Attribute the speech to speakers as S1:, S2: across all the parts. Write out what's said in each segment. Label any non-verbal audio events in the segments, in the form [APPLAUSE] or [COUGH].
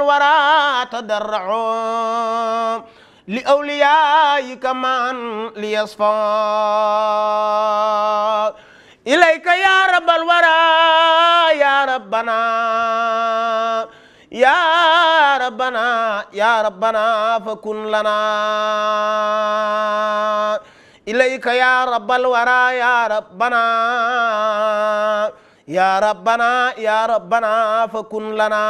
S1: الورى تدرعوا لأوليائك من ليصفى إليك يا رب الورى يا ربنا يا ربنا يا ربنا فكن لنا إليك يا رب الورى يا ربنا ya rabbana ya rabbana fa kun lana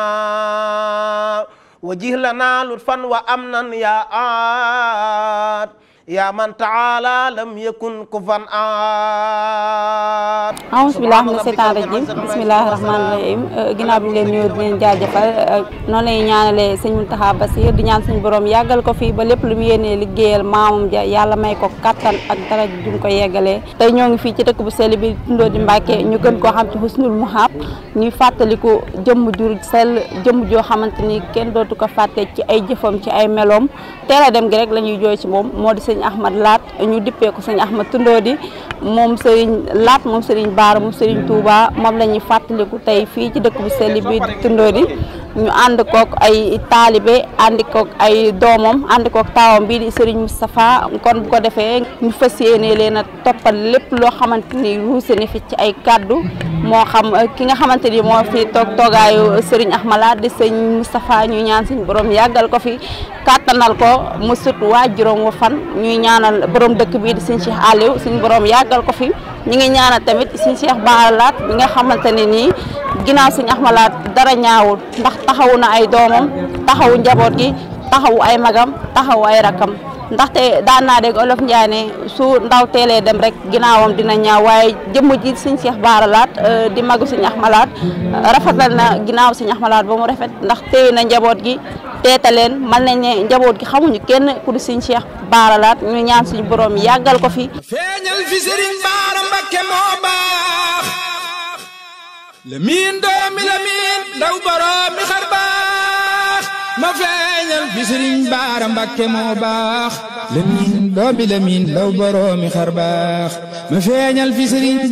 S1: wa jih lana lutfan wa amnan ya
S2: aat
S1: yaa man taala lam yakun kufan aat
S2: aousbillah mina seytaan rajim bismillahi rahmaani rahim eh, ginnaaw bi ñu leen nuyoo di leen jaajëfal eh, noonu lañu ñaanalee sëñ Muntaxa Basiir di ñaan suñu borom yàggal ko fii ba lépp lu mu yéenee liggéeyal maamam ja yàlla may ko kattan ak dara ju ko yeggalee te ñoo ngi fii ci dëkk bu sell bi Tundoo di Mbàkke ñu gën koo xam ci husnul muhab ñuy fàttaliku jëmm ju sell jëmm joo xamante ni kenn dootu ko fàtte ci ay jëfam ci ay meloom teel dem gi rek la jooy ci moo sëñ Ahmad Laat ñu dippee ko sëñ Ahmad Tindodi moom sëriñ Laat moom sëriñ Baara moom sëriñ Touba moom la ñuy fàttaliku tey fii ci dëkk bu sell bi Tindodi ñu ànd kook ay talibe ànd kook ay doomam ànd kook taawam bii di Serigne Moustapha kon bu ko defee ñu fas yéene leen a toppal lépp loo xamante ni ruuse ne fi ci ay kàddu moo xam euh, ki nga xamante ni moo fi toog sëriñ Serigne Ahmala di Serigne Moustapha ñu ñaan suñu borom yàggal ko fi kattanal ko mu sut waa juróom wa fan ñuy ñaanal borom dëkk bii di Serigne Cheikh suñu borom yàggal ko fi ñi ngi ñaanal tamit suñu Cheikh Bara Laat bi nga xamante ne nii ginnaaw suñu ma Laat dara ñaawut ndax taxawu na ay doomam taxawu njaboot gi taxawu ay magam taxawu ay rakkam ndaxte daan naa dégg olof Ndiaye su ndaw teelee dem rek ginnaawam dina ñaaw waaye jëmm ji sëñ seex Bara Laat euh, di magu sëñ Axmalaat rafetal na ginnaaw ax malaat ba mu rafet ndax téye na njaboot gi teeta leen mën nañ ne njaboot gi xamuñu kenn ku di sëñ Cheikh Bara Laat ñu ñaan suñu borom yàggal ko fi.
S3: feeñal fi
S4: sëriñ Baara Mbakke moo baax. ma feeñal fi baara mbakke moo baax lamiin doomi lamiin law boroomi xar baax ma feeñal fi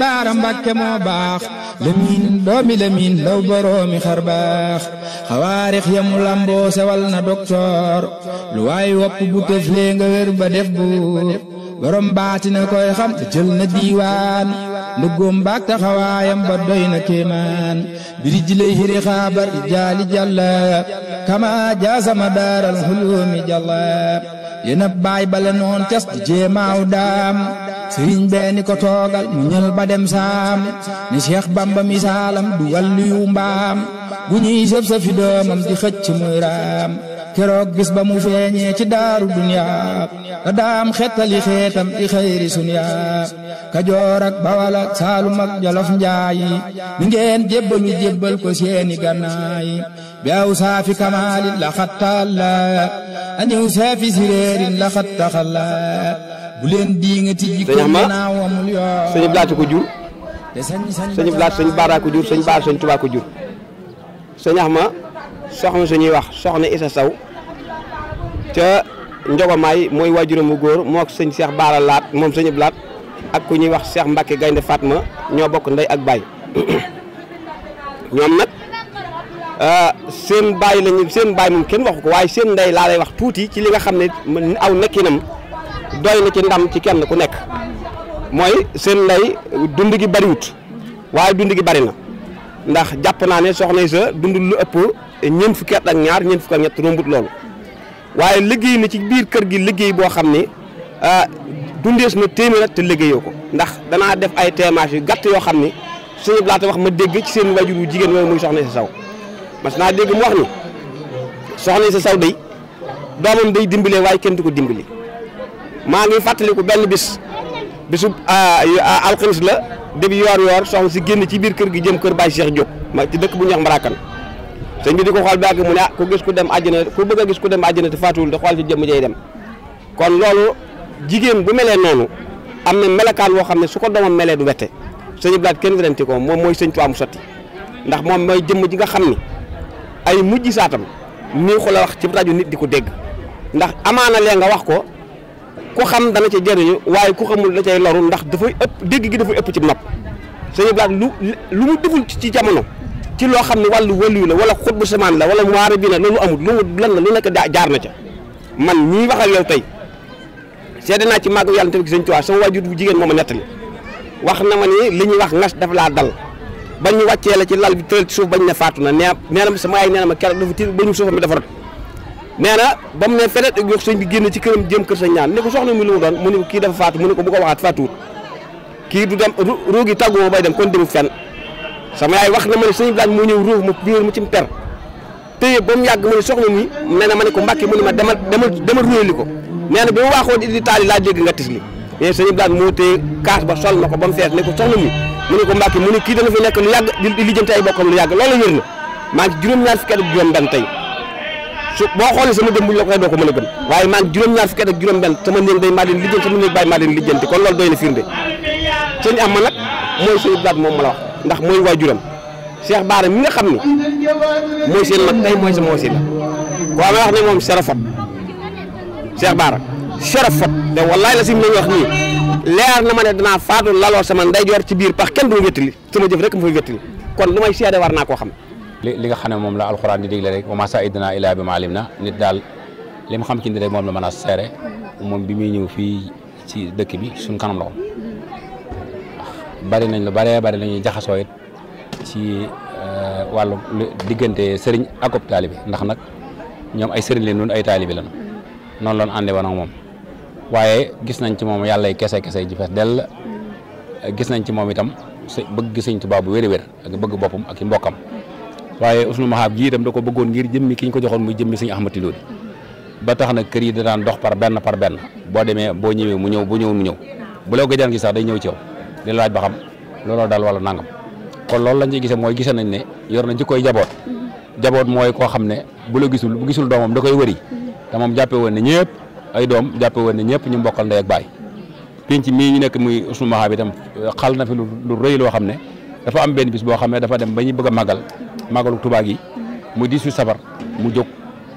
S4: baara mbakke moo baax lamiin doomi lamiin law boroomi xar baax xawaarix ya mu lamboo sewal na doktoor lu waay wopp bu tëflee nga ba def buur borom baati na koy xam jël na diiwaan ndëggoom baak taxawaayam ba doy na biri jiley hiri xaabar jaali jàlla kama jaasama daaral xuloomi jàlla yéena baay bale noon cas di jéemaaw daam sëriñ bee ni ko toogal mu ñël dem saam ni Cheikh Bamba misaalam du wàllu yu mbaam bu ñuy sëf sa doomam di xëcc muy keroog bis ba mu feeñee ci daaru duniyaa ka daam xettali xeetam i xayri suniyaa kajoor ak bawal ak jolof njaayi mi ngeen jébbalu jébbal ko seeni gannaayi bi aw saafi kamaalin la xattaalla aniw saafi siréerin la xattaxalla bu leen diingati jikko naa wamul yoo sëñ Blaat ko jur sëñ Blaat sëñ
S5: Baara jur sëñ Baara sëñ Tuubaa ko jur sëñ Axma soxna suñuy wax soxna Isa Saw ca Njogomaay mooy waajuramu góor moo ak sëñ Cheikh Baara Laat moom sëñ Abdu Laat ak ku ñuy wax seex Mbacke Gaynde faat ma ñoo bokk ndey ak baay [COUGHS] ñoom nag ah, seen baay lañu seen baay moom kenn waxu ko waaye seen ndey laa lay wax tuuti ci li nga xam ne aw nekkinam doy na ci ndam ci kenn ku nekk mooy seen ndey dund gi bariwut waaye dund gi bari na ndax jàpp naa ne soxna sa dund lu ëpp ñeent fukki ak ñaar ñeent fukki at ñett rombut loolu waaye liggéey na ci biir kër gi liggéey boo xam ne ah, dundees na téeméer te liggéeyoo ko ndax danaa def ay témoignages yu gàtt yoo xam ne suñu laata wax ma dégg ci seen wajuru jigéen yooyu muy soxna si saw mas naa dégg wax ni soxna si saw day doomam day dimbalee waaye kenn du ko dimbali maa ngi fàttaliku benn bis bisu ah, ah, alxames la début yoor yoor soxna si génn ci biir kër gi jëm kër Baye Cheikh Diop ma ci dëkk bu ñuy wax Marakan sëñ bi di ko xool ba àgg mu ne ah ku gis ku dem àjjana ku bëgg a gis ku dem àjjana te faatuwul da xool ci jëmm jay dem kon loolu jigéen bu melee noonu am na melakaan woo xam ne su ko doomam melee du wette sëñ bi daal kenn werante ko moom mooy sëñ Tuubaa mu sotti ndax moom mooy jëmm ji nga xam ni ay mujj saatam nii xula wax ci rajo nit di ko dégg ndax amaana lee nga wax ko ku xam dana ca jëriñu waaye ku xamul da cay loru ndax dafay ëpp dégg gi dafa ëpp ci nopp sëñ bi lu lu mu deful ci jamono. ci loo xam ne wàllu waliyu la wala xutbu samaan la wala waare bi la loolu amul lu lan la lu nekk jaar na ca man ñii wax ak yow tey seede naa ci màgg yàlla tamit sëñ Tuubaa sama waajur bu jigéen moo ma nettali wax na ma ni li ñuy wax ngas dafa laa dal ba la ci lal bi tëral ci ne faatu na nee na ma sama yaay nee na ma keroog tiir ba ñu suufam bi dafa rot nee na ba mu ne feneen ak yox sëñ bi génn ci këram jëm kër sa ñaan ne ko soxna mi lu mu doon mu ne ko kii dafa faatu mu ne ko bu ko waxaat faatuwut kii du dem ruugi tàggoo bay dem kon dem fenn sama yaay wax na ma ne sëñ Ibrahima moo ñëw ruuf ma biir mu ci per téye ba mu yàgg ma ne soxna mi nee na ma ne ko mbàkke mu ne ma demal demal demal ruwéli ko nee na bi mu waaxoo di taali laa dégg nga tis li mais sëñ Ibrahima moo téye kaas ba sol ma ko ba mu fees ne ko soxna mi mu ne ko mbàkke mu ne kii dana fi nekk lu yàgg di lijjanti ay bokkam lu yàgg loolu wér na maa ngi juróom-ñaar fukki at ak juróom-benn tey su boo xoolee sama jëm bu ñu la ko tey doo ko mën a gëm waaye maa ngi juróom-ñaar fukki at ak juróom-benn sama néeg day maa leen lijjanti sama néeg bàyyi maa leen lijjanti kon loolu doy na firnde sëñ am ma nag mooy sëñ Ibrahima moom ma la wax ndax mooy waajuram Cheikh Baara mi nga xam ni
S6: mooy seen mag tey mooy sama wasila waaw may
S5: wax ne moom sarafat Cheikh Baara sarafat te wallaay la sim lañu leer na ma ne danaa faatu laloo sama ndeyjoor ci biir pax kenn du ma wéttali sama jëf rek ma fay wéttali kon lu may seede war naa koo xam
S7: li nga xam ne moom la alxuraan di digle rek wa ma saidna ilaa bi ma na nit daal li mu xam ci ni rek moom la mën a seere moom bi muy ñëw fii ci dëkk bi suñ kanam la bari nañ lu baree bari la ñuy jaxasoo it ci euh, wàllu diggante sëriñ akub taalibi ndax nag ñoom ay sëriñ leen woon ay taalibi lañu noonu loon ànde wana moom waaye gis nañ ci moom yàlla kese kese ji fees dell gis nañ ci moom itam bëgg sëñ Tuubaa bu wér-wér ak bëgg boppam ak i mbokkam waaye usnu maxaab ji itam da ko bëggoon ngir jëmmi ki ñu ko joxoon mu jëmmi si sëñ Ahmadu Lo ba tax na kër yi da daan dox par benn par benn boo demee boo ñëwee mu ñëw bu ñëw mu ñëw bu la gëjaan gi sax day ñëw ci yow di laaj ba xam looloo daal wala nangam kon loolu lañ ci gisee mooy gise nañ ne yor na jikkoy jaboot jaboot mooy koo xam ne bu la gisul bu gisul doomam da koy wëri te moom jàppe woon ne ñëpp ay doom jàppe woon ne ñëpp ñu mbokkal ndey ak baay penc mii ñu nekk muy usnu maha bi itam eh, xal na fi lu rëy loo xam ne dafa am benn bis boo xam ne dafa dem ba ñu bëgg a màggal màggalu Tuubaa gi mu di su safar mu jóg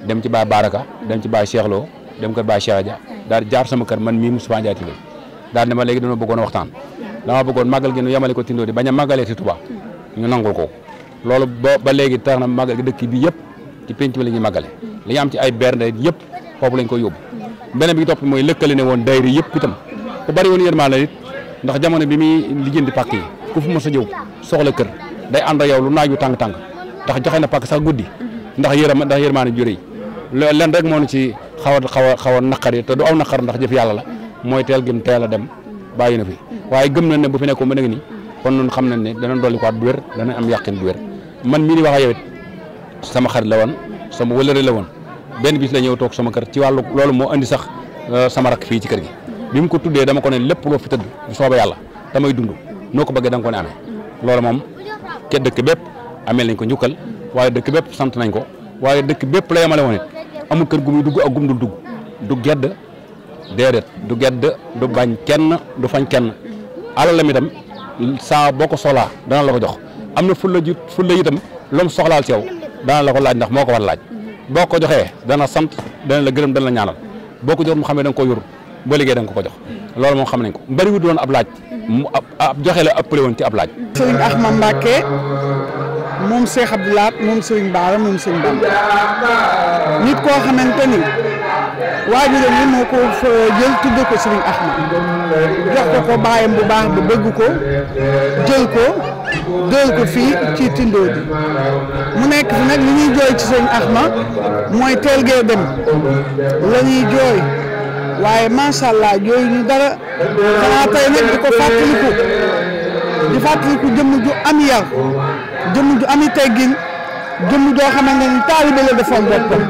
S7: dem ci baay Baraka dem ci baa Cheikh dem kër baa Cheikh daal jaar sama kër man mii Moustapha Ndiaye daal ne ma léegi dañoo bëggoon waxtaan dama bëggoon magal gi nu yamale ko Tindodi bañ a màggalee ci Touba ñu nangul ko loolu ba ba léegi tax na gi dëkk bi yëpp ci penc mi la ñuy màggale li am ci ay bernde yëpp foofu lañ koy yóbbu beneen bi topp mooy lëkkale ne woon dayri yëpp itam ku bari woon yërmaa la nit ndax jamono bi muy lijjanti di yi ku fu mos a soxla kër day ànd ak yow lu naaj wu tàng-tàng ndax joxe na pàkk sax guddi ndax yërëm ndax yërmaane jure yi lenn rek moo nu ci xaw a xaw xaw a naqar yi te du aw naqar ndax jëf yàlla la mooy teel gim teel a dem bàyyi na fi waaye gëm nañ ne bu fi nekkoon ba nag nii kon nun xam nañ ne dana dolli ko waat bu wér dana am yàqin bu man mii di wax ak yow sama xarit la woon sama wëlëre la woon benn bis la ñëw toog sama kër ci wàllu loolu moo indi sax euh, sama rakk fii ci kër gi bi mu ko tuddee dama ko ne lépp loo fi tëdd bu soobee yàlla damay dund noo ko bëggee da nga ko ne amee loolu moom ke dëkk bépp amee lañ ko njukkal waaye dëkk bépp sant nañ ko waaye dëkk bépp la yemale woon it kër gu muy dugg ak gum dugg du gedd déedéet du gedd du bañ kenn du fañ kenn alalam itam saa boo ko soxlaa dana la ko jox am na fulla ji fulla itam lu mu soxlaal ci yow dana la ko laaj ndax moo ko war laaj boo ko joxee dana sant dana la gërëm dana la ñaanal boo ko jox mu xam ne da nga ko yor ba liggéey da ko jox loolu moom xam nañ ko mbëriwu doon ab laaj mu ab joxe la ëppale ci ab laaj
S3: sëriñ Axma Mbàkke moom Cheikh Abdou Lahad moom sëriñ Baara moom sëriñ Bamba nit koo xamante waajuram yi moo ko euh, jël tudde ko Serigne Ahmad jox ko ko baayam bu baax bu bëgg ko jël ko dóor ko fii ci Tindodi mu nekk fi nag li ñuy jooy ci Serigne Ahmad mooy teel dem la jooy waaye macha allah jooy ñu dara xanaa tey nag di ko fàttaliku di fàttaliku jëmm ju am yar jëmm ju ami teggin jëmm joo xamante ni taalibe la defoon boppam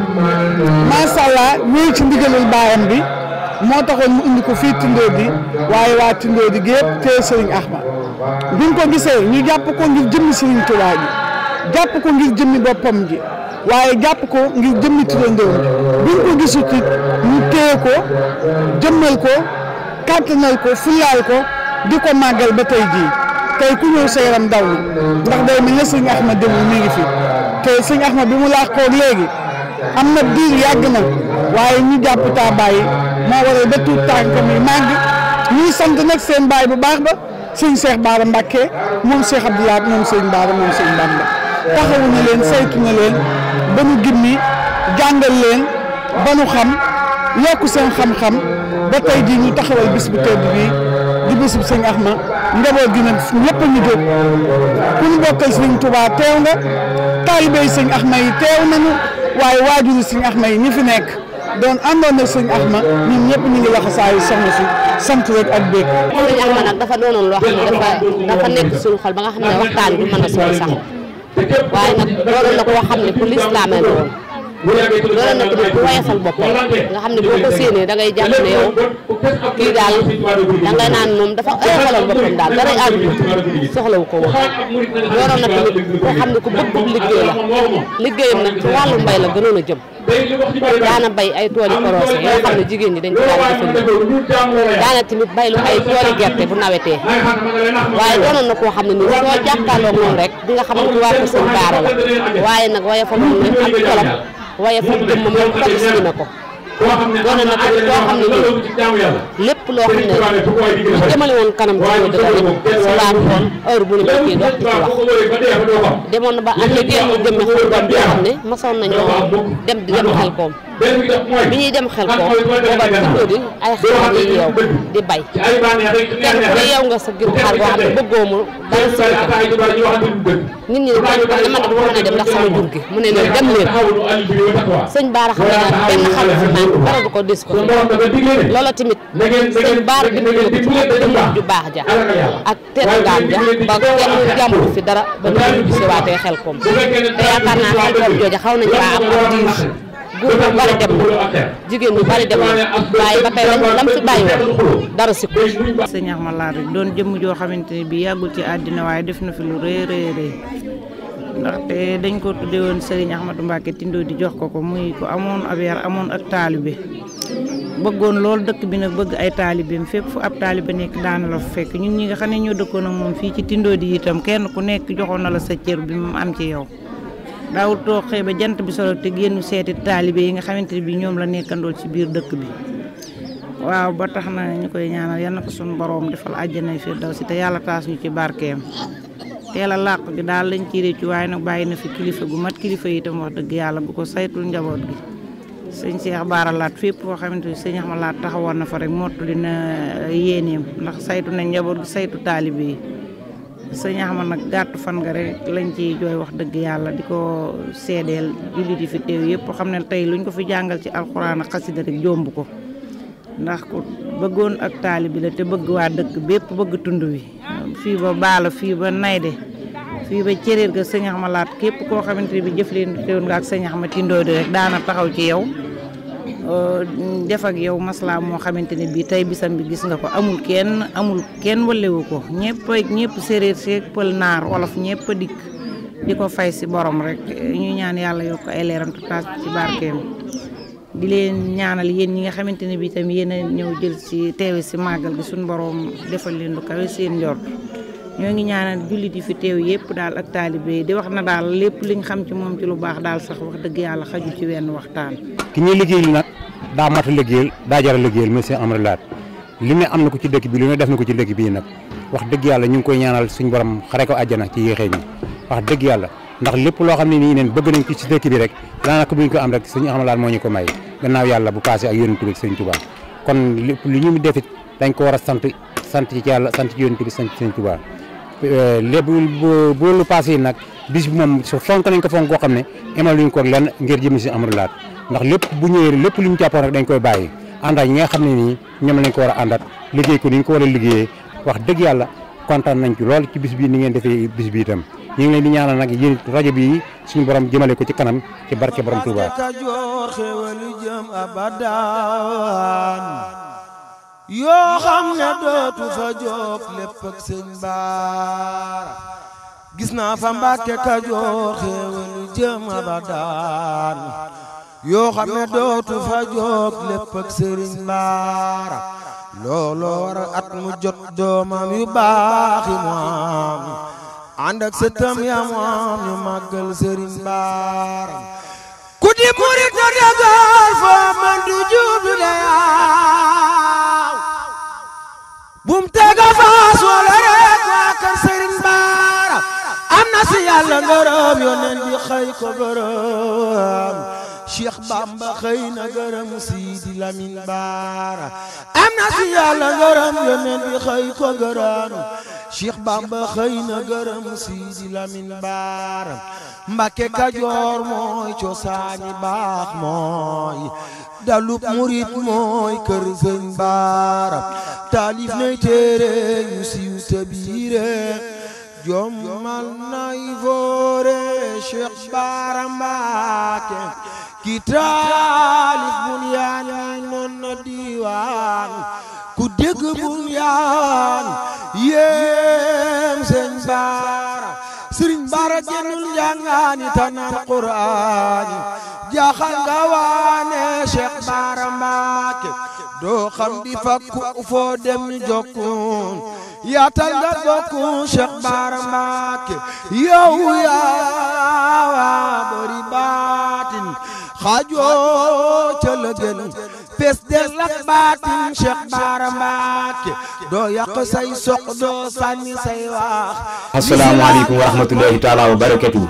S3: macha allah ñëw ci ndigalul baayam bi moo taxoon mu indi ko fii Tindodi waaye waa Tindodi gi yëpp téye Serigne Axma bi ñu ko gisee ñu jàpp ko ngir jëmmi Serigne Touba ji jàpp ko ngir jëmmi boppam ji waaye jàpp ko ngir jëmmi turandoo bi ñu ko gisut it ñu téye ko jëmmal ko kàttanal ko fulaal ko di ko màggal ba tey jii tey ku ñëw sa yaram daw ndax day mel ne Serigne Axma démb mi ngi fi. te sëñ Axma bi mu làqoog léegi am na diir yàgg na waaye ñu jàpp taa bàyyi moo waral ba tuut tànk mi màgg ñuy sant nag seen baay bu baax ba sëñ Cheikh Baara Mbacke moom Cheikh Abdoulaye moom sëñ Baara moom sëñ Bamba taxawu na leen saytu na leen ba nu gimmi jàngal leen ba nu xam yokk seen xam-xam ba tey jii ñu taxawal bis bu tedd bii di bisub sëñ Axma njaboot gi nag ñëpp ñu jóg ku ñu bokkal sëñ Tuubaa teew nga taalibey sëñ Axma yi teew nañu waaye waajuru sëñ Axma yi ñu fi nekk doon àndoon na sëñ Axma ñun ñëpp ñu ngi wax saa yu soxna si sant rek ak béek. sëñ Axma nag dafa doonoon loo xam ne dafa dafa nekk
S2: suñu xol ba nga xam ne waxtaan bi mën na sori sax waaye nag doonoon na ko xam ne pour l'islam la loolu nag tamit bu woyofal boppam nga xam ne boo ko séenee da ngay jàpp ne yow kii daal da nga naan moom dafa oyofalal boppam daal dara àdduna soxlawu ko woon loolu nag tamit koo xam ne ku bëgg liggéey la liggéeyam nag ci wàllu mbay la gënoon a jëm daana bay ay tooli korosé yoo xam ne jigéen ñi dañ ko daan jëfandikoo daana tamit bay lu ay tooli gerte bu nawetee waaye doonoon na koo xam ne nii soo jàkkaarloog moom rek di nga xam ne ci wàllu seen baara waaye nag waaye fa mu ne am colom waaye fa jëmm moom fokk si na ko boo xam na ay loo xam lépp loo xam ne lu jëmale woon kanam ci ñoom dina dem subaar xool heure bu ñu bëggee dox di ko wax. demoon ba année bii mu jëm na xam ne masoon dem di dem xel koom. bi ñuy dem xel ko booba dafa di ay xar yi yow di bay kenn ku ne yow nga sa giru xar boo xam ne bëggoo mu dara si nit ñi dañ dama def mën a dem ndax sama jur gi mu ne leen dem leen sëñ Baara xam naa du ko bi ñu baax ja ak teddagaam ja ba kenn jàmbur fi dara ba ñu gis waatee xel koom te yaakaar naa xel koom jooja xaw nañ waa am diir jigéen ñu bari dem na waaye ba tey lam fi bàyyi woon
S8: dara si ko. sëñ Ahmad Laan doon jëmm joo xamante ne bii yàggul ci àddina waaye def na fi lu dañ ko tudde woon Serigne Ahmadou Mbacke Tindoo di jox ko ko muy ko amoon ab yar amoon ak taalibe bëggoon loolu dëkk bi nag bëgg ay taalibeem fépp fu ab taalibe nekk daana la fa fekk ñun ñi nga xam ne ñoo dëkkoon ak moom fii ci Tindoo di itam kenn ku nekk joxoon na la sa cër bi mu am ci yow. daawul toog xëy ba jant bi solo te génn seeti taalibe yi nga xamante ne bi ñoom la nekkandool ci biir dëkk bi waaw ba tax na ñu koy ñaanal yal na ko suñu boroom defal àjjanay si te yàlla taas ñu ci barkeem teel a làq gi daal lañ ci réccu waaye nag bàyyi na fi kilifa gu mat kilifa itam wax dëgg yàlla bu ko saytul njaboot gi sëñ Cheikh Baara Laat fépp foo xamante ni sëñ Axma Laat taxawoon na fa rek mottali na yéeneem ndax saytu na njaboot gi saytu taalibe yi sëñ ma nag gàttu fan nga rek lañ ciy jooy wax dëgg yàlla di ko seedeel jullit yi fi teew yëpp xam ne tey luñ ko fi jàngal ci alxuraan ak xasida rek jomb ko ndax ko bëggoon ak taalibi la te bëgg waa dëkk bépp bëgg tund wi fii ba baala fii ba nayde fii ba cëréer ga sëñ Axma laat képp koo xamante ne bi jëf leen teewoon nga ak sëñ Axma ci ndooy rek daana taxaw ci yow Euh, def ak yow maslaa moo xamante ne bii tey bisam bi gis nga ko amul kenn amul kenn walewu ko ñëpp ñëpp séeréer seeg pël naar olof ñëpp a dikk di ko fay si borom rek ñuy ñaan yàlla yokk ay leeram tutaas ci barkeem di leen ñaanal yéen ñi nga xamante ne bii tam yéen ñëw jël si teewe si màggal gi suñu borom defal leen lu kawe seen njort ñoo ngi ñaanal jullit yi fi teew yëpp daal ak taalibe yi di wax na daal lépp liñ xam ci moom ci lu baax daal sax wax dëgg yàlla xaju ci wenn waxtaan.
S9: ki ñuy liggéeyal nag daa mat a liggéeyal
S7: daa jar a liggéeyal monsieur Amadou Lahat li ne am na ko ci dëkk bi lu ne def na ko ci dëkk bii nag wax dëgg yàlla ñu ngi koy ñaanal suñu borom xare ko àjjana ci yéexee ñi wax dëgg yàlla ndax lépp loo xam ne nii neen bëgg nañ ko ci dëkk bi rek daanaka bu ñu ko am rek suñu moo ñu ko may gannaaw yàlla bu passé ak yonent bi sëñ Tuubaa kon lépp li ko war a sant sant sant ci yonent bi sant ci sëñ Euh, lépp bu lu passé yi nag bis bi moom su ko fonk koo xam ne emal luñ ko lenn ngir jëm si amul laat ndax lépp bu ñëwee lépp lu ñu jàppoon rek dañ koy bàyyi ànd ne nii ñoom lañ ko war a liggéey ko ni ko war a wax dëgg yàlla kontaan nañ lool ci ni ngeen defee bis bi itam leen di ñaanal nag yéen rajo bi ko ci kanam barke borom Touba.
S10: yoo ne dootu fa jóg lépp ak baara gis naa fa mbàkke kajoor xéewalu jëm abadaan yoo ne dootu fa jóg lépp sëriñ baara looloo at mu jot doomam yu baax yi mu am ànd ak sëtam sëriñ baara ku di murit na dagal foo man du bum tega faas wala rek waa kër Sëriñ Baara am na si yàlla ngërëm yoneen bi xëy ko borom Cheikh Bamba xëy na gërëm Sidi Lamin Baara am na si yàlla gërëm yonent bi xëy ko gërëm Cheikh Bamba xëy na gërëm Sidi Lamin Baara Mbàkke Kajoor mooy cosaani baax mooy dalub murit mooy kër sëñ Baara taalif nay téere yu siiw te biire jommal nay foore Cheikh Baara Mbàkke ki taalif bunyaan mi noon na ku dégg bunyaan yéem sëñ baara sëriñ baara jënul njàngaani tanar quraani jaaxal nga waane cheikh baara mbaake doo xam di fakku foo dem ni jokkuun yaatal nga bokku cheikh baara mbaake yow yaa waa bari baatin xaajoo ca la gën ak baatin Cheikh Bara
S9: Mbacké wa rahmatulahi taala wa barakatu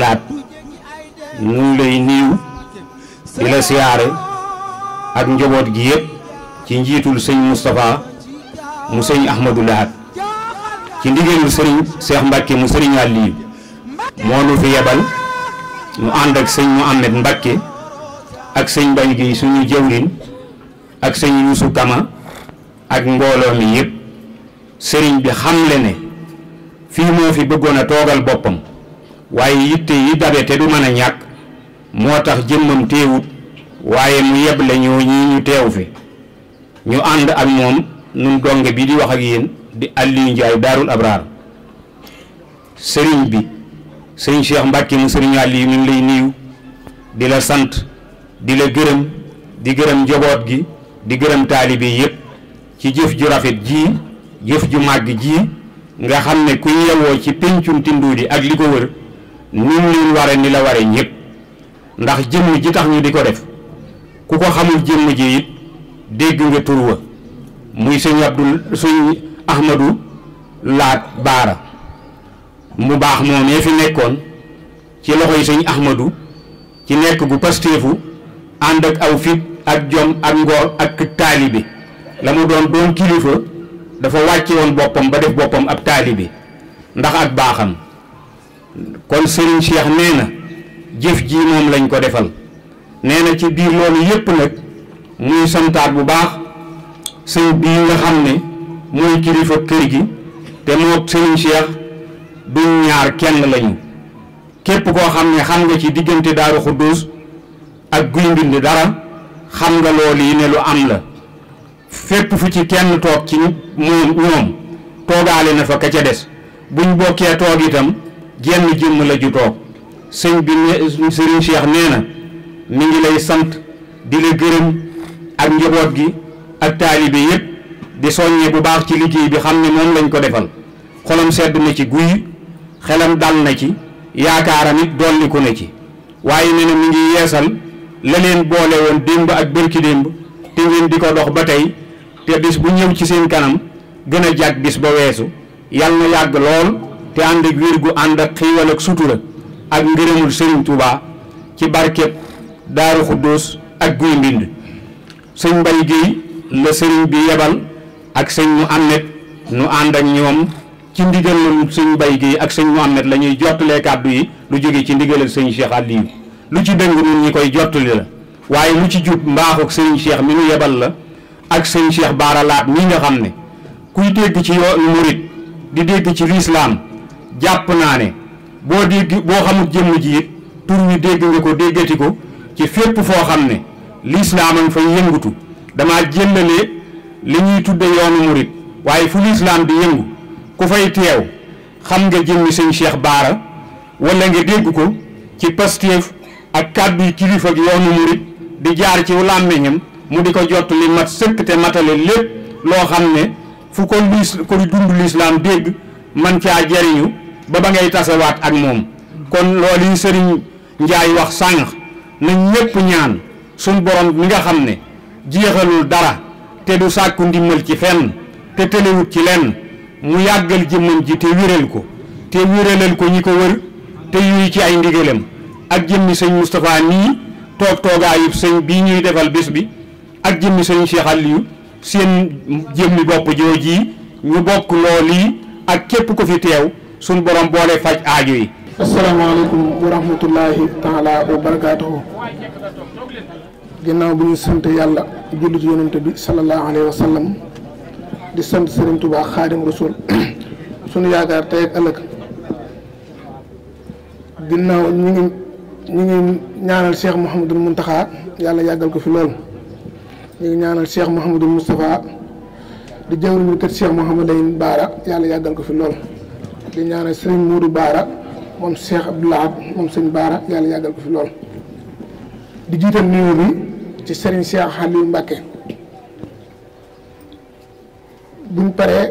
S9: Laat ñu lay nuyu di la ak njaboot gi yëpp ci njiitul sëñ Moustapha mu sëñ Ahmadou Lahat. ci ndigalul sëriñ seex Mbacke mu sëriñ Aliou moo nu fi yebal mu ànd ak sëñ Mouhamed mbakke ak sëñ Baye Guèye suñu jëwriñ ak sëñ Youssou Kama ak mbooloo mi yëpp sëriñ bi xamle ne fii moo fi bëggoon a toogal boppam waaye yitte yi dabe te du mën a ñàkk moo tax jëmmam teewut waaye mu yeble ñoo ñii ñu teew fi ñu ànd ak moom nun dong bi di wax ak yéen di Aliou Ndiaye daarul abraar sëriñ bi sëñ Cheikh Mbacke mu sëriñ Aliou mi ngi lay niiw di la sant di la gërëm di gërëm njaboot gi di gërëm taalibe yëpp ci jëf ju rafet ji jëf ju màgg ji nga xam ne ku yewoo ci pencum Tindoodi ak li ko wër ni mu leen ware ni la ware ñëpp ndax jëmm ji tax ñu di ko def ku ko xamul jëmm ji it dégg nga tur muy sëñ Abdul sëñ Ahmadou Laat Baara mu baax moomee fi nekkoon ci loxoy sëñ Ahmadou ci nekk gu pasteefu ànd ak aw fit ak jom ak ngor ak taalibe la ma doon doon kilifa dafa wàcce woon boppam ba def boppam ab taalibe ndax ak baaxam kon sëriñ Cheikh nee na jëf ji moom lañ ko defal nee na ci biir loolu yépp nag muy santaat bu baax sëñ bii nga xam ne mooy kilifa kër gi te moo sëriñ Cheikh du ñaar kenn lañu képp koo xam ne xam nga ci diggante Daaru Xuddus ak guy mbind dara xam nga loolu yi ne lu am la fépp fu ci kenn toog ci moom ñoom toogaale na fa ka ca des buñ bokkee toog itam jenn jëmm la ju toog sëñ bi ne sëriñ Cheikh nee na mu ngi lay sant di la gërëm ak njaboot gi ak taalibe yépp di soññe bu baax ci liggéey bi xam ne moom lañ ko defal xolam sedd na ci guy xelam dal na ci yaakaaram it dolliku na ci waaye nee na mi ngi yeesal la leen boole woon démb ak bërki démb te ngeen di ko dox ba tey te bis bu ñëw ci seen kanam gën a jàkk bis ba weesu yàlla na yàgg lool te ànd ak wér gu ànd ak xiiwal ak sutura ak ngërëmul sëriñ Touba ci barkeb Daaru Xuddoos ak Guy Mbind sëñ Mbay Géey la sëriñ bi yebal ak sëñ Mouhamed nu ànd ak ñoom ci ndigalal sëñ Baye Guèye ak sëñ Mouhamed la ñuy jottalee kàddu yi lu jóge ci ndigalal sëñ Cheikh Aliou lu ci dëng nun ñi koy jottali la waaye lu ci jub mbaaxu sëñ Cheikh mi nu yebal la ak sëñ Cheikh Baara Laat nga xam ne kuy dégg ci yoonu murit di dégg ci lislaam jàpp naa ne boo dégg boo xamul jëmm ji it tur wi dégg nga ko déggati ko ci fépp foo xam ne lislaam a ngi fay yëngutu dama jëllalee li ñuy tudde yoonu murit waaye fu lislaam di yëngu ku fay teew xam nga jëmmi sëñ Cheikh Baara wala nga dégg ko ci pastéef ak kàddu kilifa ak yoonu murit di jaar ci làmmiñam mu di ko jot li mat sëkk te matale lépp loo xam ne fu ko liis ko dund lislaam dégg man caa jariñu ba ba ngay tasewaat ak moom kon loolu yi sëriñ Njaay wax sànq na ñépp ñaan suñ borom mi nga xam ne jeexalul dara te du sàkku ndimbal ci fenn te tëlewut ci lenn mu yàggal jëmmam ji te wéral ko te wéralal ko ñi ko wër te yuy ci ay ndigalam ak jëmmi sëñ Moustapha nii toog toogaayub sëñ bii ñuy defal bés bi ak jëmmi sëñ Cheikh Aliou seen jëmmi bopp jooji ñu bokk loolii ak képp ko fi teew suñ borom boole faj aajo yi asalaamaaleykum wa rahmatullahi
S11: ginnaaw bi ñu sant yàlla julli ci yonent bi sallallahu alayhi wa sallam di sant Serigne Touba Xaadim Rasul [COUGHS] sunu yaakaar tey ak ëllëg ginnaaw ñu ngi ñu ngi ñaanal Cheikh Mouhamadul Mountakha yàlla yàggal ko fi lool ñu ngi ñaanal Cheikh Mouhamadul Moustapha di jawriñu kër Cheikh Mouhamadou Baara yàlla yàggal ko fi lool di ñaanal Serigne Modou Baara moom Cheikh Abdoulaye moom sëñ Baara yàlla yàggal ko fi lool. di jiital nuyoo bi ci Serigne Cheikh Xaliil Mbàkke buñ paree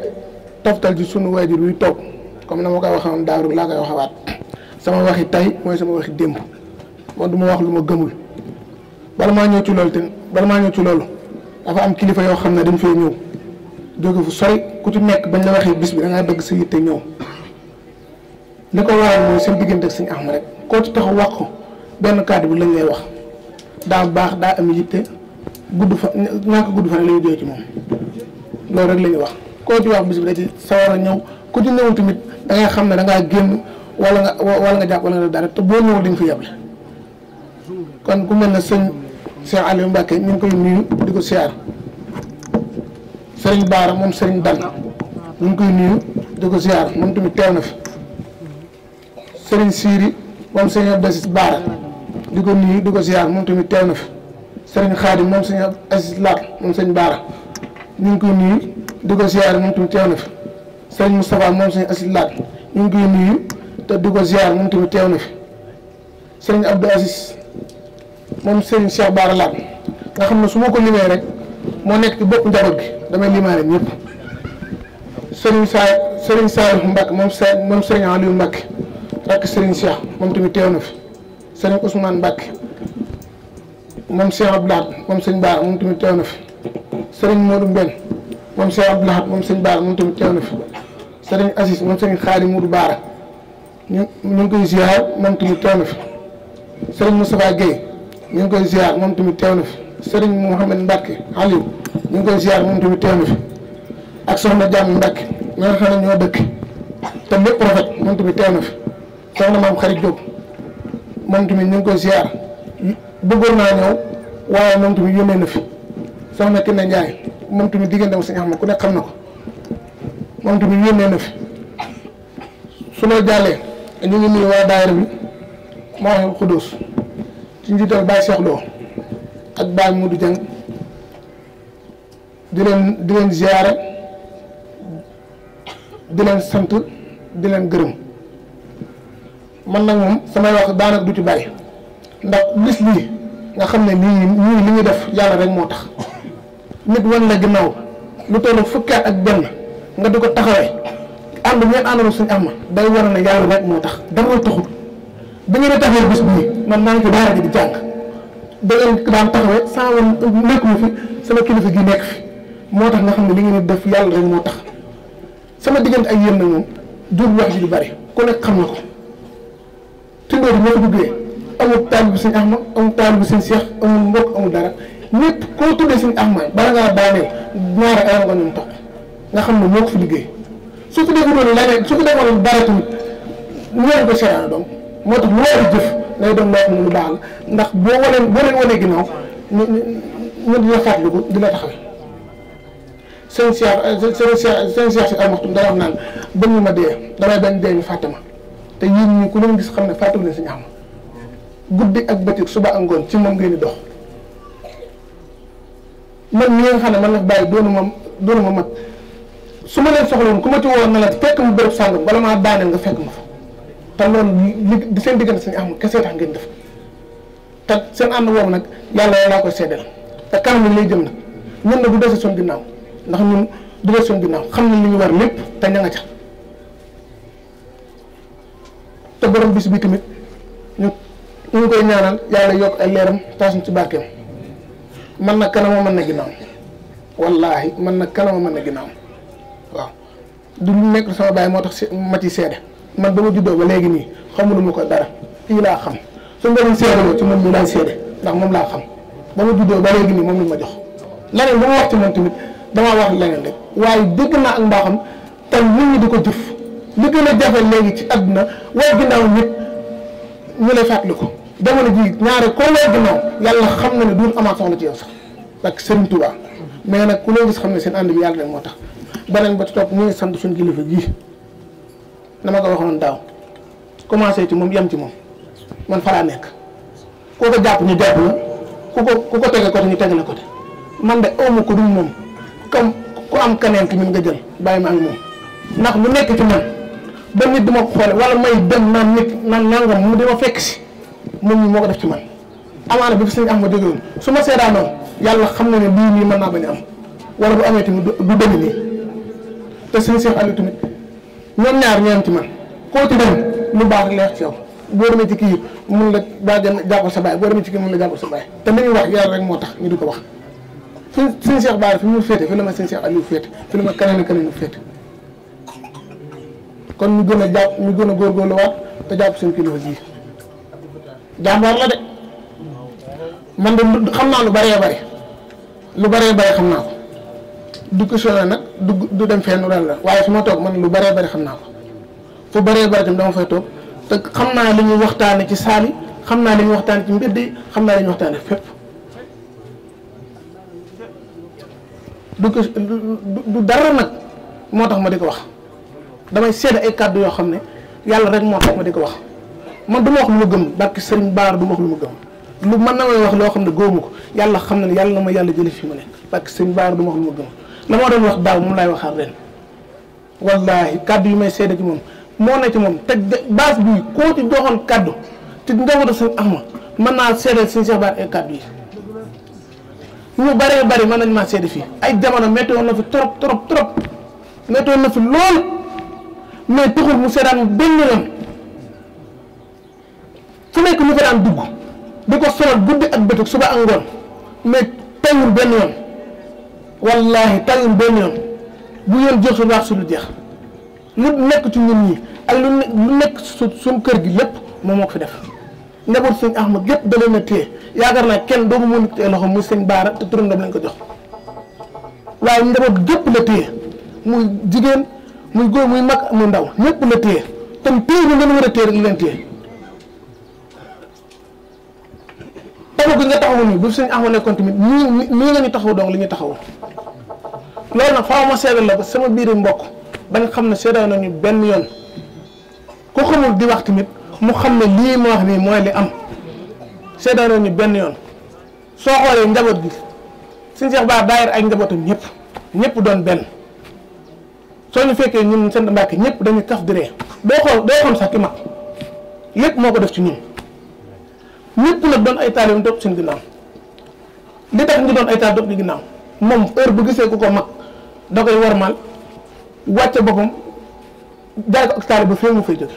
S11: toftal ci sunu waajur wi toog comme na ma koy waxee woon daaw laa koy waxawaat sama waxi tay mooy sama waxi démb man du ma wax lu ma gëmul bala maa ñëw ci loolu dafa am kilifa yoo xam ne dañ fay ñëw jóge fu sori ku ci nekk bañ la waxee bis bi da ngaa bëgg sa yitte ñëw li ko waral mooy seen diggante ak sëñ rek koo ci taxaw wax ko benn kàddu bi lañ lay wax. daa baax daa am yitte gudd fa ñàkk gudd fa la ñu jógee ci moom loolu rek la wax koo ci wax bis bi da ci sawar ñëw ku ci ñëwul tamit da xam ne da ngaa génn wala nga wala nga jàpp wala nga def te boo ñëwul dañ fa yeble kon ku mel na sëñ Cheikh Aliou Mbacke ñu ngi koy nuyu di ko siyaar sëriñ Baara moom sëriñ Dan ñu koy nuyu di ko siyaar moom tamit teew na fi sëriñ Siiri moom sëriñ Abdou Baara. di ko nuyu di ko ziar moom tamit teew na fi sëriñ Xaadim moom sëñ Aziz Laat moom sëñ Baara ñu ngi koy nuyu di ko ziar moom tamit teew na sëriñ Moustapha moom Laat te di ko ziar moom sëriñ Baara xam ne su ma ko limee rek moo nekk ci bopp njaboot gi damay Sa sëriñ Saar Mbacke moom sëriñ moom sëriñ Aliou Mbacke rakk sëriñ Cheikh moom tamit teew na fi. sëriñ Ousmane Mbacke moom Cheikh Abdou Lahad moom sëñ Baara moom tamit teew na fi sëriñ Modou Mbène moom Cheikh Abdou Lahad moom sëñ Baara moom tamit teew na fi sëriñ Assis moom sëñ Xaari Modou Baara ñu ñu ngi koy ziar moom tamit teew na fi sëriñ Moustapha Guèye ñu ngi koy ziar moom tamit teew fi sëriñ Mouhamed ngi koy ziar moom tamit teew na fi ak soxna Jàmm Mbacke ñoo xam ne ñoo dëkk te lépp rafet moom tamit teew na fi soxna maam xarit Diop. moom tamit ñu ngi koy ziar bëggoon naa ñëw waaye moom tamit yónnee na fi soxna Kine Ndiaye moom tamit diggante ma si nga xam ne xam na ko moom tamit yónnee na fi su ma jàllee ñu ngi nuyu waa daayira bi moo wax xudóos ci njiital Baye Cheikh Lo ak Baye Modou Dieng di leen di leen ziare di leen sant di leen gërëm man nañ moom samay wax daanaka du ci bari ndax gis lii nga xam ne nii nii li ñuy def yàlla rek moo tax nit wan na ginnaaw lu toll fukki at ak benn nga di ko taxawee ànd ñeen àndaloo suñu am day war ne yàlla rek moo tax dara taxul bi ngeen di taxawee bés bii man maa ngi di jàng da ngeen daan taxawee sans fi sama kilifa gi nekk fi moo tax nga xam ne li ngeen def yàlla rek moo tax sama diggante ak yéen nag moom jur wax ji du bari ku nekk xam na ko. tundóor yi moo duggee amul taal bu sëñ Ahmad amul taal bu sëñ Seex amul mbokk amul dara ñëpp koo tuddee sëñ Ahmad bala ngaa baanee ñaara ay nga ñun tax nga xam ne moo ko fi liggéey su ko defu doon leneen su ko defoon dara tamit ñoom ko seeraan donc moo tax lu war a jëf lay doon loo xam ne lu baax la ndax boo waneen boo leen wanee ginnaaw ñu ñu di la fàttaliku di la taxaw sëñ Seex sëñ Seex sëñ Seex si almaxtum dara wax naan ba ñu ma dee damay bañ dee ñu fàtte ma te yéen ñi ku leen gis xam ne fàttali na si ñaam guddi ak bëccëg suba ak ngoon ci moom ngeen di dox man mi nga xam ne man la bàyyi doonu ma doonu ma mat su ma leen soxla woon ku ma ci woo na la fekk mu bërëb sàngam bala maa daaneel nga fekk ma fa te loolu li seen diggante suñu am kese tax ngeen def te seen ànd woowu nag yàlla laa koy seddal te kanam lay na nag na bu du dese suñu ginnaaw ndax ñun du dese suñu ginnaaw xam nañ li ñu war lépp te ña ca. te borom bis bi tamit ñu ñu ngi koy ñaanal yàlla yokk ay leeram taas ñu ci barkeem man na kanama mën na ginnaaw wallaahi man na kanama mën na ginnaaw waaw du lu nekk sama baay moo tax ma ci seede man ba ma juddoo ba léegi nii xamul ma ko dara fii laa xam suñu borom seede ci moom mi laay seede moom laa xam ba ma juddoo ba léegi nii moom lu ma jox leneen ba ma wax ci moom tamit damaa wax leneen rek waaye dégg naa ak mbaaxam te nit ñi di ko jëf li gën a jafe léegi ci àdduna woo ginnaaw nit ñu lay fàttali ko jamono ji ñaare koo woo ginnaaw yàlla xam na ne duul amaat soxla ci yow sax ak Sëriñ Tuubaa mais nag ku loo gis xam ne seen ànd bi yàlla rek moo tax beneen ba ci topp ñu ngi sant suñu kilifa gii na ko waxoon daaw commencé ci moom yem ci moom man fa nekk koo ko jàpp ñu jàpp la ku ko ku ko tege côté ñu tege la côté man de awma ko dum moom comme ku am keneen ki nga jël bàyyi ma ak moom ndax lu nekk ci man ba nit duma ko xoole wala may dem naan nit naan nangam mu dama fekk si moom mi moo ko def ci man amaana bi fi sëñ am ma jóge woon su ma seedaanoon yàlla xam na ne lii naa bañ am wala bu amee tamit du demee nii te sëñ Cheikh Aliou tamit ñoom ñaar ñoo ci man koo ci dem lu baax leer ci yow boo demee ci kii mun la daa dem jàppal sa baay boo te li ñuy wax yàlla rek moo tax ñu di ko wax fi sëñ Cheikh Bara fi mu féete fi la ma sëñ keneen keneen féete kon ñu gën a jàpp ñu gën a góorgóorluwaat te jàpp suñu kilifa ji jàmbaar la de man de xam naa lu bëree bëri lu bëree bëri xam naa ko du ko nag du du dem fenn ren la waaye su ma toog man lu bëree bëri xam naa ko fu bëree bëri tam dama fay toog te xam naa li ñuy waxtaane ci saali xam naa li ñuy waxtaan ci mbedd yi xam naa li ñuy waxtaane fépp du ko du dara nag moo tax ma di ko wax damay seede ay kàddu yoo xam ne yàlla rek moo tax ma di ko wax man du ma wax lu ma gëm barki Baar du ma wax lu ma gëm lu man na may wax loo xam ne góomu ko yàlla xam na ne yàlla na ma yàlla jëlee fi ma nekk barki sëriñ Baar du ma wax lu ma gëm la moo doon wax daaw moom laay waxaat ren wallaahi kàddu yu may seede ci moom moo ne ci moom te baas bi koo ci doxoon kàddu te njabootu sëñ Axma mën naa seede sëñ Cheikh Baar ay kàddu yi ñu baree bëri mën nañ maa seede fii ay jamono météo na fi trop trop trop mais taxul mu seetaan benn yoon fu nekk mu fa dugg di ko sonal guddi ak su suba ak ngoon mais tayul benn yoon wallahi tayul benn yoon bu yoon jël suñu wax lu jeex lu nekk ci ñun ñi ak lu lu nekk su suñu kër gi lépp moom moo ko fi def njaboot sëñ Ahmad yëpp da leen téye yaakaar naa kenn doogu mën tee loxo muy sëñ Baara te turam dam lañ ko jox waaye njaboot gépp la téye muy jigéen muy góor muy mag muy ndaw ñëpp la téye kon téye bi ngeen war a téye rek leen téye taxaw gi nga taxawu nekkoon tamit nii nii la ñuy taxaw donc li ñuy taxaw loolu nag faaw ma seedal la sama biir mbokk ba xam ne seedal nañu benn yoon ku xamul di wax tamit mu xam ne lii ma wax nii mooy li am seedal ñu benn yoon soo xoolee njaboot gi suñu Seex Bara daayir ay njabootam ñëpp ñëpp doon benn. soo ñu fekkee ñun seen mbàkk ñëpp dañuy kaf di ree doo xool doo xam sax ki mag lépp moo ko def ci ñun ñëpp nag doon ay taalibe topp seen ginnaaw li tax ñu doon ay taalibe topp ci ginnaaw moom heure bu gisee ko ko mag da koy warmal wàcce boppam jaay ko ak taalibe ba fii mu fay jóge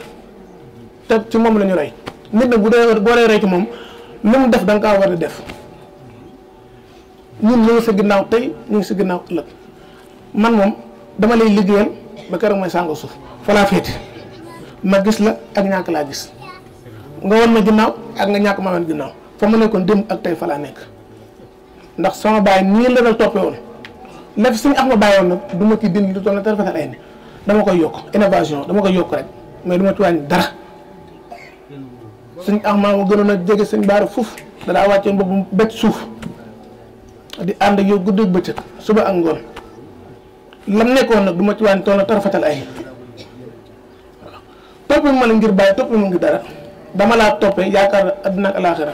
S11: te ci moom lañu ñu rey nit nag bu dee boo dee rey ci moom li mu def danga nga kaa war a def ñun ñu ngi sa ginnaaw tey ñu ngi sa ginnaaw ëllëg man moom. dama lay liggéeyal ba keroog may sàngoo suuf fa féete ma gis la ak ñàkk laa gis nga wan ma ginnaaw ak nga ñàkk ma wan ginnaaw fa ma nekkoon démb ak tey falaa nekk ndax sama baay nii la dal toppee woon lépp suñu ak ma bàyyi du ma ci dindi lu dama koy yokk innovation dama koy yokk rek mais du ma ci wàññi dara suñu ak maa ma gënoon a jege suñu baara fuuf danaa wàcce boobu bett suuf di ànd ak yow bëccëg suba ak ngoon. lam nekkoon nag du ma ci wàññi toll tarafatal ay toppee ma la ngir bàyyi toppee ma ngir dara dama laa toppee yaakaar àddina ak alaaxira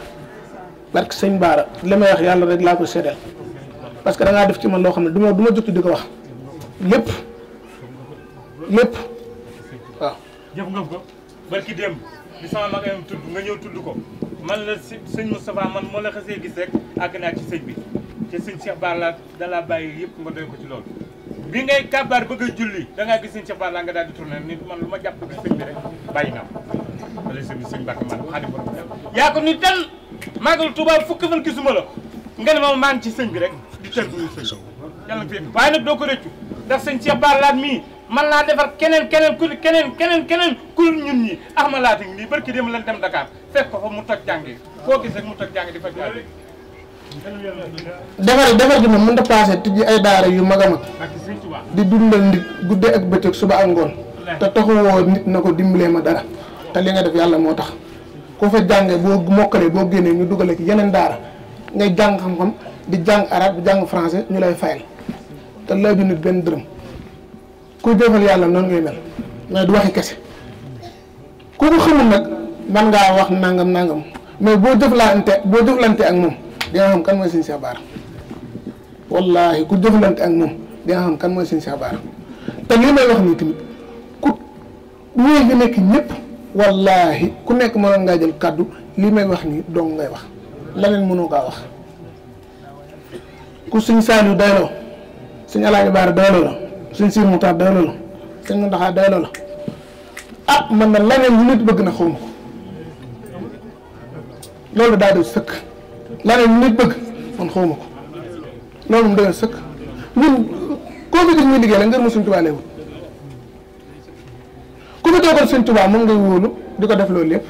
S11: que sëñ Baara li may wax yàlla rek laa ko seddal parce que dangaa def ci man loo xam ne du duma du di ko wax lépp lépp waaw. jëf nga ko barki démb bi sama magam tudd nga ñëw tudd ko man la si sëñ Moustapha man moo la xasee gis rek àgg naa ci sëñ bi te sëñ Cheikh Baara la da laa bàyyi yëpp
S7: nga doy ko ci loolu. bi ngay kàbbaar bëgg a julli da ngaa gis a Cheikh Fall nga daal di tourné nit man lu ma jàpp bi
S3: sëñ bi rek bàyyi naa
S11: ko wala sëñ sëñ Mbacke man
S3: yaa ko ni tel màggal Touba fukki fan gisuma nga ne ma maa ngi ci sëñ rek di tënk ñu sëñ yàlla fi waaye nag doo ko rëccu ndax sëñ Cheikh Fall mi man laa defar keneen keneen ku keneen keneen
S11: keneen ku ñun ñi axma laati ngi nii barki dem lan dem Dakar fekk ko fa mu toj jàngi foo gis rek
S7: mu toj jàngi di fa jàngi
S11: defar defar gi moom mënut a passé tijji ay daara yu mag mag di dundal nit guddee ak bëccëg suba ak ngoon te taxawoo nit na ko dimbalee ma dara te li nga def yàlla moo tax koo fa jàngee boo mokkalee boo génnee ñu dugalee ci yeneen daara ngay jàng xam-xam di jàng arabe di jàng français ñu lay fayal te lay bi nit benn dërëm ku defal yàlla noonu ngay mel mais du waxi kese ku ko xamul nag man ngaa wax nangam nangam mais boo jëflante boo jëflante ak moom. di nga xam kan mooy sëñ Cheikh Bara wallaahi ku jëflante ak moom di nga xam kan mooy sëñ si Bara te li may wax nii tamit ku ñooy fi nekk ñëpp wallaahi ku nekk mënoon ngaa jël kàddu li may wax nii dong ngay wax leneen mënoo kaa wax ku suñ saanu doyloo suñ Alaaji Bara doyloo la suñ Sir Moutar doyloo la suñ Mountakha doyloo la ah man na leneen lu nit bëgg na xaw ko loolu daa doon sëkk maanaam nit bëgg man xawma ko loolu mu doyoon sëkk ñun koo fi gis muy liggéey nag ngeen mu suñ tubaa lay wut ku fi toogal suñ tubaa moom ngay wóolu di ko def loolu lépp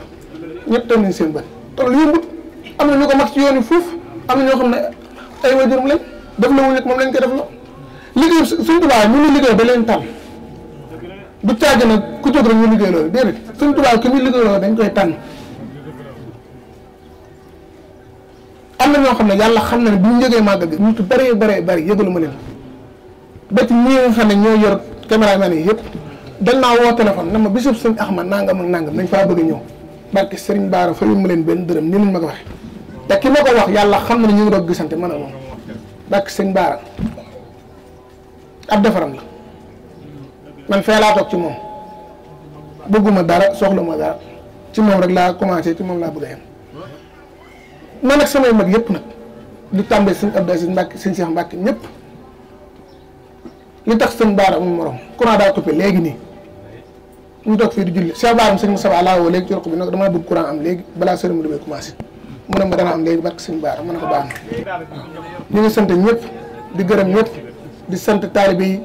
S11: ñëpp tam nañ seen bët te lu am na ñu ko mag ci yoon yi fuuf am na ñoo xam ne ay wajurum lañ def la wuñu moom lañ ko def la liggéey suñ tubaa ñu ngi liggéey ba leen tam bu caagin ku jóg rek ñu liggéey loolu déedéet suñ tubaa ki muy liggéey loolu dañ koy tànn am na ñoo xam ne yàlla xam na ne bu ñu jógee màggal gi ñu ci bëree bëree bëri yëgalu ma leen ba ci ñi nga xam ne ñoo yor caméraman yi yëpp dañ naa woo téléphone na ma bisub sëñ Axma nangam ak nangam nañ faa bëgg a ñëw barke sëriñ Baara fayu ma leen benn dërëm ni lañ ma ko waxee te ki ma ko wax yàlla xam na ne ñu ngi doog gisante man a moom barke seen Baara ab defaram la man fee ci moom bëgguma dara soxla ma dara ci moom rek laa commencé ci moom laa bëgg a man ak samay mag yëpp nag di tàmbali sëñ Abdou Aziz Mbacke sëñ Cheikh Mbacke ñëpp li tax sëñ Baara amul morom courant daa coupé léegi nii ñu toog fii di julli Cheikh Baara sëñ Moussa Alla bi nag damaa bëgg courant am léegi balaa sëriñ mu demee commencé mu ne ma dana am léegi barke sëñ mu ne ko baax ñu ngi sant ñëpp di gërëm ñëpp di sant taalibe yi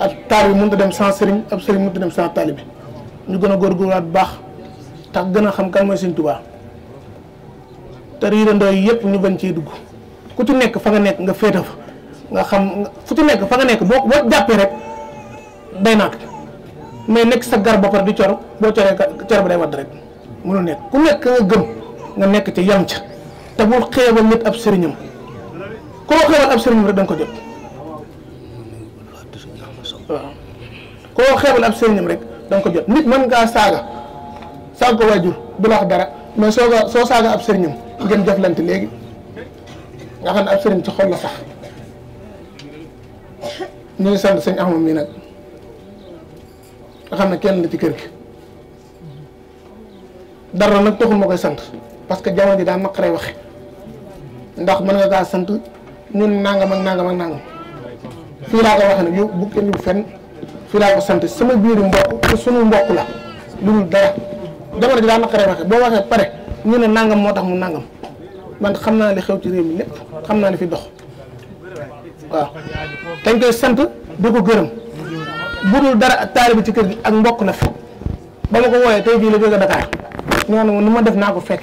S11: ab taalibe mënut a dem sans sëriñ ab sëriñ mënut a dem sans ñu gën a góorgóorluwaat bu baax tax gën a xam kan mooy sëñ Tuubaa te riirandoo yi yëpp ñu bañ cee dugg ku ci nekk fa nga nekk nga féeta fa nga xam fu ci nekk fa nga nekk boo boo jàppee rek day naat mais nekk sa gar ba pare di cor boo coree cor ba day wadd rek mënul nekk ku nekk nga nga nekk ci yam te bul xeebal nit ab ab sëriñam rek da nga ko jot koo xeebal ab rek da nga jot nit mën ngaa saaga saaga ko waajur du dara mais soo soo saaga ab sëriñam ngeen jëflante léegi nga xam ne ak sëriñ ci xol la sax ñu ngi sant sëñ Axma mi nag nga xam ne kenn la ci kër gi dara nag taxul ma koy sant parce que jamono ji daa naqaree waxe ndax mën nga kaa sant ñun nangam ak nangam ak nangam fii laa ko waxee nag yow bu kenn fenn fii laa ko sant sama biiru mbokk te sunu mbokk la lu dul dara jamono ji daa naqaree waxe boo waxee pare. ñu ne nangam moo tax mu nangam man xam naa li xew ci réew mi lépp xam naa li fi dox waaw dañ koy sant di ko gërëm bu dul dara taalibe ci kër gi ak mbokk la fi ba ma ko wooyee tey jii la jóge Dakar ñoo ne ma nu ma def naa ko fekk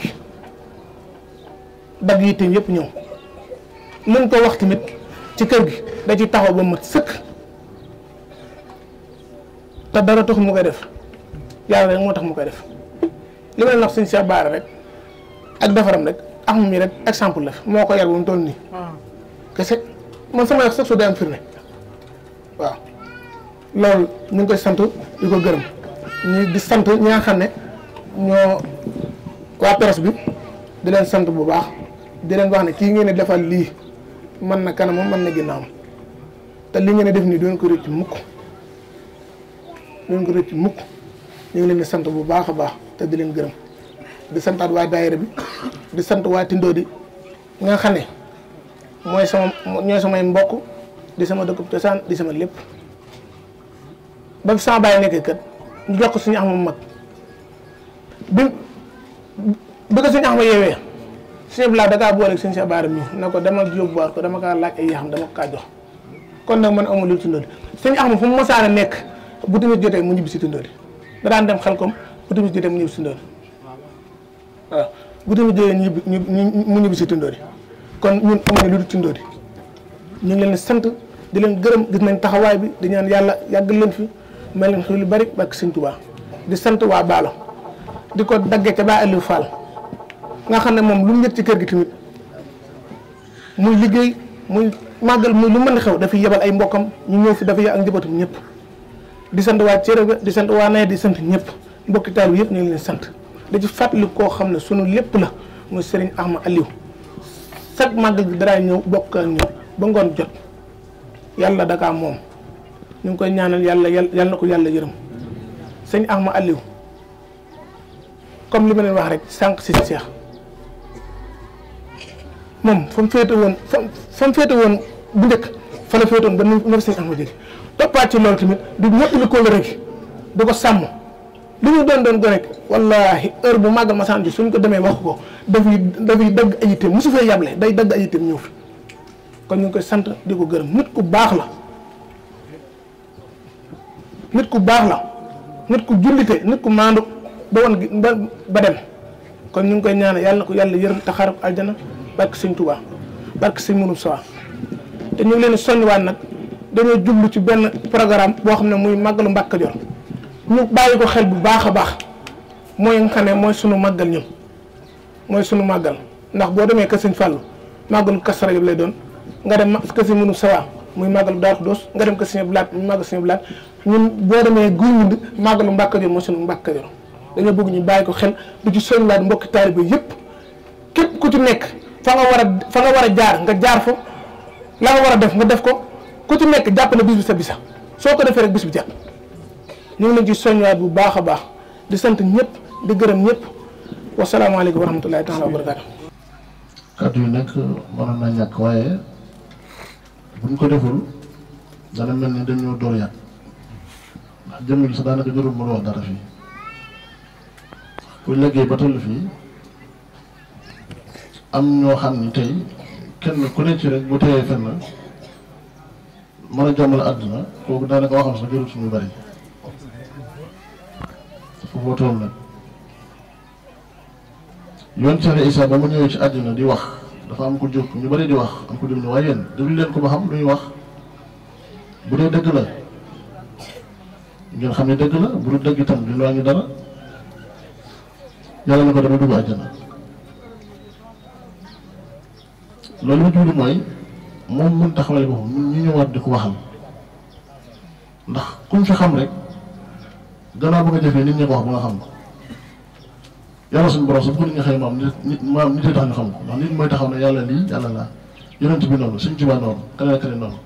S11: dagg yi itam ñëw luñ ko wax tamit ci kër gi da ci taxaw ba mat sëkk te dara tox mu koy def yàlla rek moo tax mu koy def li ma leen wax suñu Cheikh Bara rek. ak defaram rek ak mi rek exemple la moo ko yar bu mu toll nii. Ah. kese man sama wax sax su dee am firnde waaw loolu ñu ngi koy sant di ko gërëm di sant ñi nga xam ne ñoo waa presse bi di leen sant bu baax di leen wax ne kii ngeen defar lii mën na kanamam mën na ginnaawam te li ngeen def nii doon ko rëcc mukk doon ko rëcc mukk ñu ngi leen sant bu baax a baax te di leen gërëm. di santaat waa daayira bi di sant waa Tindodi nga xam ne mooy sama ñooy samay mbokk di sama dëkkub cosaan di sama lépp ba sama bàyyi nekk kat ñu jox ko suñu ax mag bi bi suñu ax ma yeewee suñu bilaa da kaa booleeg suñu sa baara ko dama yóbbuwaat ko dama kaa laaj ay kaa jox kon nag man amul lu Tindodi suñu ax ma fu mu mosaan a nekk bu tamit jotee mu ñibbi si Tindodi da daan dem xel kom bu tamit jotee mu ñibbi si Tindodi waaw bu tamit jógee ñu mu ñibbi si Tindodi kon ñun amuñu lu dul Tindodi ñu ngi leen di sant di leen gërëm gis nañ taxawaay bi di ñaan yàlla yàggal leen fi may leen xel lu bari bàkk Sëñ Tuubaa di sant waa Baalo di ko daggee ca Ba Aliou Fall nga xam ne moom lu mu yëg ci kër gi tamit muy liggéey muy màggal muy lu mën a xew dafay yebal ay mbokkam ñu ñëw fi dafa yàgg ak njabootam ñëpp di sant waa Céré di sant waa Naye di sant ñëpp mbokki taal bi yëpp ñu ngi leen sant. da ci fàttali koo xam ne sunu lépp la muy Serigne Ahmad Aliou chaque màggal bi dara ñëw bokk ak ñoom ba ngoon jot yàlla dakaa moom ñu ngi koy ñaanal yàlla yàlla na ko yàlla yërëm sëñ Ahmad alliw comme li ma wax rek sànq si Seex moom fa mu féete woon fa fa mu féete woon bu njëkk fa la féete woon ba nu mu sëñ Ahmad jóge toppaat ci loolu tamit du ñëpp li ko du ko sàmm. lu ñu doon doon gone wallaahi heure bu màggal ma saan ji suñ ko demee wax ko dafay dafay dagg ay mu su fee yable day dagg ay itam ñëw fi kon ñu ngi koy sant di ko gërëm nit ku baax la nit ku baax la nit ku jullite nit ku maandu ba woon ba dem kon ñu ngi koy ñaanal yàlla na ko yàlla yërëm taxaar ko aljana barke sëñ tubaa barke sëñ Mounou Sow te ñu ngi leen soññiwaat nag dañoo jublu ci benn programme boo xam ne muy màggalu Mbàkke Kajoor ñu bàyyi ko xel bu baax a baax mooy nga xam ne mooy sunu màggal ñun mooy sunu màggal ndax boo demee Kër Sëñ màgg màggalu Kazu Rajab lay doon nga dem Kër Sëñ Munu Sawa muy màggalu Daaru Doos nga dem Kër Sëñ Blaat muy màggal Sëñ Blaat ñun boo demee Guy màgg màggalu mbàkk Kajoor mooy sunu Mbàkke Kajoor dañoo bëgg ñu bàyyi ko xel du ci soñ laat mbokki taalibe yëpp képp ku ci nekk fa nga war a fa nga war a jaar nga jaar fa la nga war a def nga def ko ku ci nekk jàpp na bis bi soo ko defee rek bi jàpp ñu ngi leen ci soññaat bu baax a baax di sant ñëpp di gërëm ñëpp wasalaamaaleykum wa rahmatulahi taala wa barakaatu.
S12: kàddu yi nag mënoon na ñàkk waaye buñ ko deful dana mel ni dañoo door yàq ndax jëmm ji sax daanaka jarul dara fii kuy am ñoo xam ni tey kenn ku ne ci rek bu teyee fenn mën a jàmmal àdduna kooku daanaka waxam sax jarul suñu bari. fu mu toll yoon Cheikh Issa ba di wax dafa am ko jóg ñu bëri di wax am ko jóg ne waaye yéen déglu leen ko ba xam lu ñuy wax bu dee dëgg la ngeen xam ne dëgg la bu dul dëgg itam du ñu dara yàlla na ko dama dugg àjjana loolu mu jublu mooy moom mun taxawale boppam ñun ñu ñëwaat di ko waxal ndax ku fi xam rek. gannaaw ba nga jëfee nit ñi ko wax ba nga xam ko yàlla suñu borom sax nit ñi xëy maam nit maam nit yi tax ñu xam ko ndax nit mooy taxaw ne yàlla lii yàlla laa yonent bi noonu suñ Tuubaa noonu keneen keneen noonu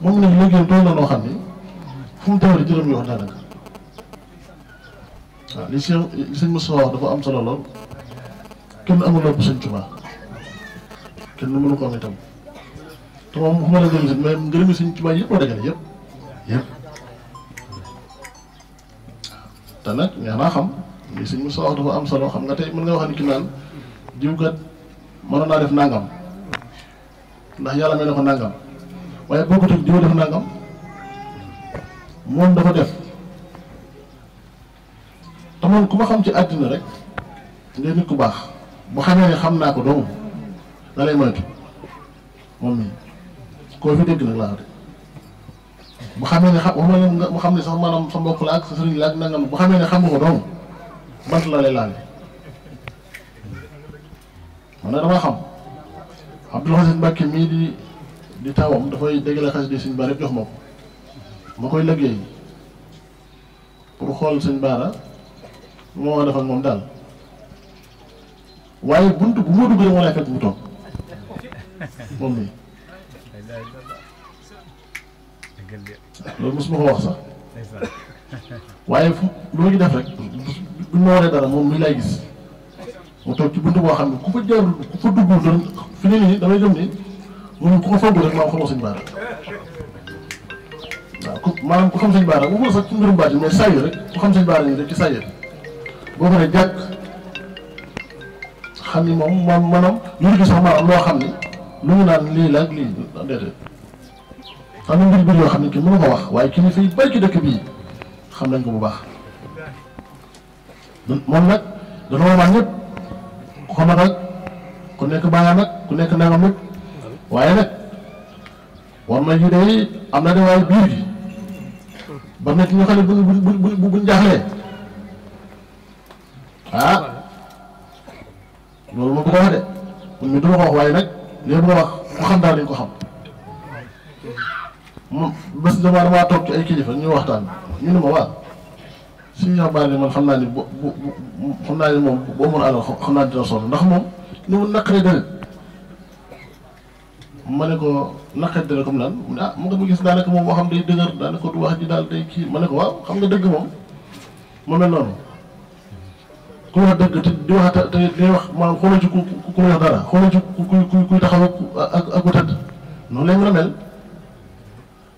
S12: moom na noo xam ni fu mu tawari jërëm yoo wax daanaka waaw li sëñ sëñ Moustapha wax dafa am solo lool kenn amuloo ko sëñ Tuubaa kenn mënu ko am itam te moom fu ma la gërëm si mais te nag naa xam li suñ Moussa am solo xam nga tey mën nga wax ni ki naan jiw kat mënoon naa def nangam ndax yàlla may na ko nangam waaye bokkut ak jiw def nangam moom dafa def te man ku ma xam ci àddina rek ngay nit ku baax bu xamee xam naa ko doomu da lay moytu fi dégg nag laa wax de bu xam ne xam waxuma la nga bu xam ne sax maanaam sa mbokk la ak sa sëriñ la ak nangam bu xamee ne xam nga ko dong bant la lay laal man nag damaa xam Abdoul Aziz Mbacke mii di di tawam dafay dégale xas di suñ jox ma ko ma koy liggéey pour xool suñ baara moo def ak moom daal waaye bunt bu ma duggee moo lay fekk mu toog
S6: moom mii. loolu mosuma ko wax sax waaye fu
S12: loo ñu def rek bu ñu waree dara moom mi lay gis mu toog ci buntu boo xam ne ku fa jarul ku fa duggul doon fi ne nii damay dem ni moom ku ko foogul rek maa xamoo sëñ Baara waaw ku ku xam sëñ Baara waxuma sax ci mbirum yi rek ci saa boo ko jàkk xam ni moom moom maanaam lu ñu gis sax maanaam loo xam ni lu ñu naan lii la ak lii déedéet xam na mbir mbir yoo xam ne ki mënu ko wax waaye kilifa yi bëri ci dëkk bii xam nañ ko bu baax moom nag dafa wax ko mag ku nekk baayam nag ku nekk nangam nag waaye nag war xam ah, ne du ma ko wax waaye nag li ma a wax ku xam daal dañ ko xam mu bés damaa damaa toog ci ay kilifa ñu waxtaan ñu ne ma waaw suñu xabaar yi man xam naa ni bu bu xam naa ni moom boo mën a àll xam naa dina sonn ndax moom li mu naqaree deret ma ne ko naqaree deret comme lan mu ne ma boo xam day dëgër daanaka du wax ji ma ne ko waaw xam nga dëgg moom mu mel noonu ku wax dëgg te di wax te day wax maanaam xooloo ci ku ku ku wax ku ku taxaw ak ak ku tëdd noonu lay mën mel.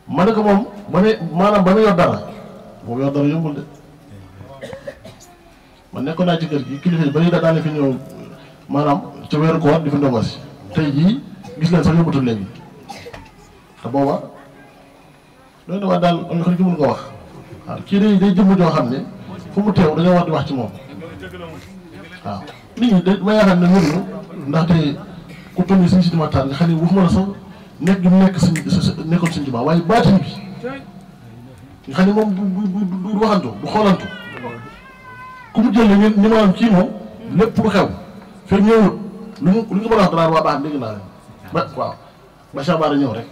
S12: ma ne ko moom ma ne maanaam ba mu yor dara boobu yor dara yombul de man nekkoon naa ci kër gi kilifa yi ba ñu daan fi ñëw maanaam ca weeru koor di fi ndongo si tey jii gis leen sax yóbbatul léegi te booba loolu dafa daal am na xarit wax waaw kii day xam ne fu mu teew dañoo war di wax ci moom waaw nit ñi da ma yaakaar ne mënuñu ndaxte ku toll nii suñu si di waxtaan nga xam ne waxuma la sax. nekk nekk suñ nekkoon suñ tubaab waaye baatin bi nga xam ne moom du du waxantu du xoolantu ku mu jël ni ni maanaam kii moom lépp lu xew fekk ñëwut lu lu nga mën naa leen ba ñëw rek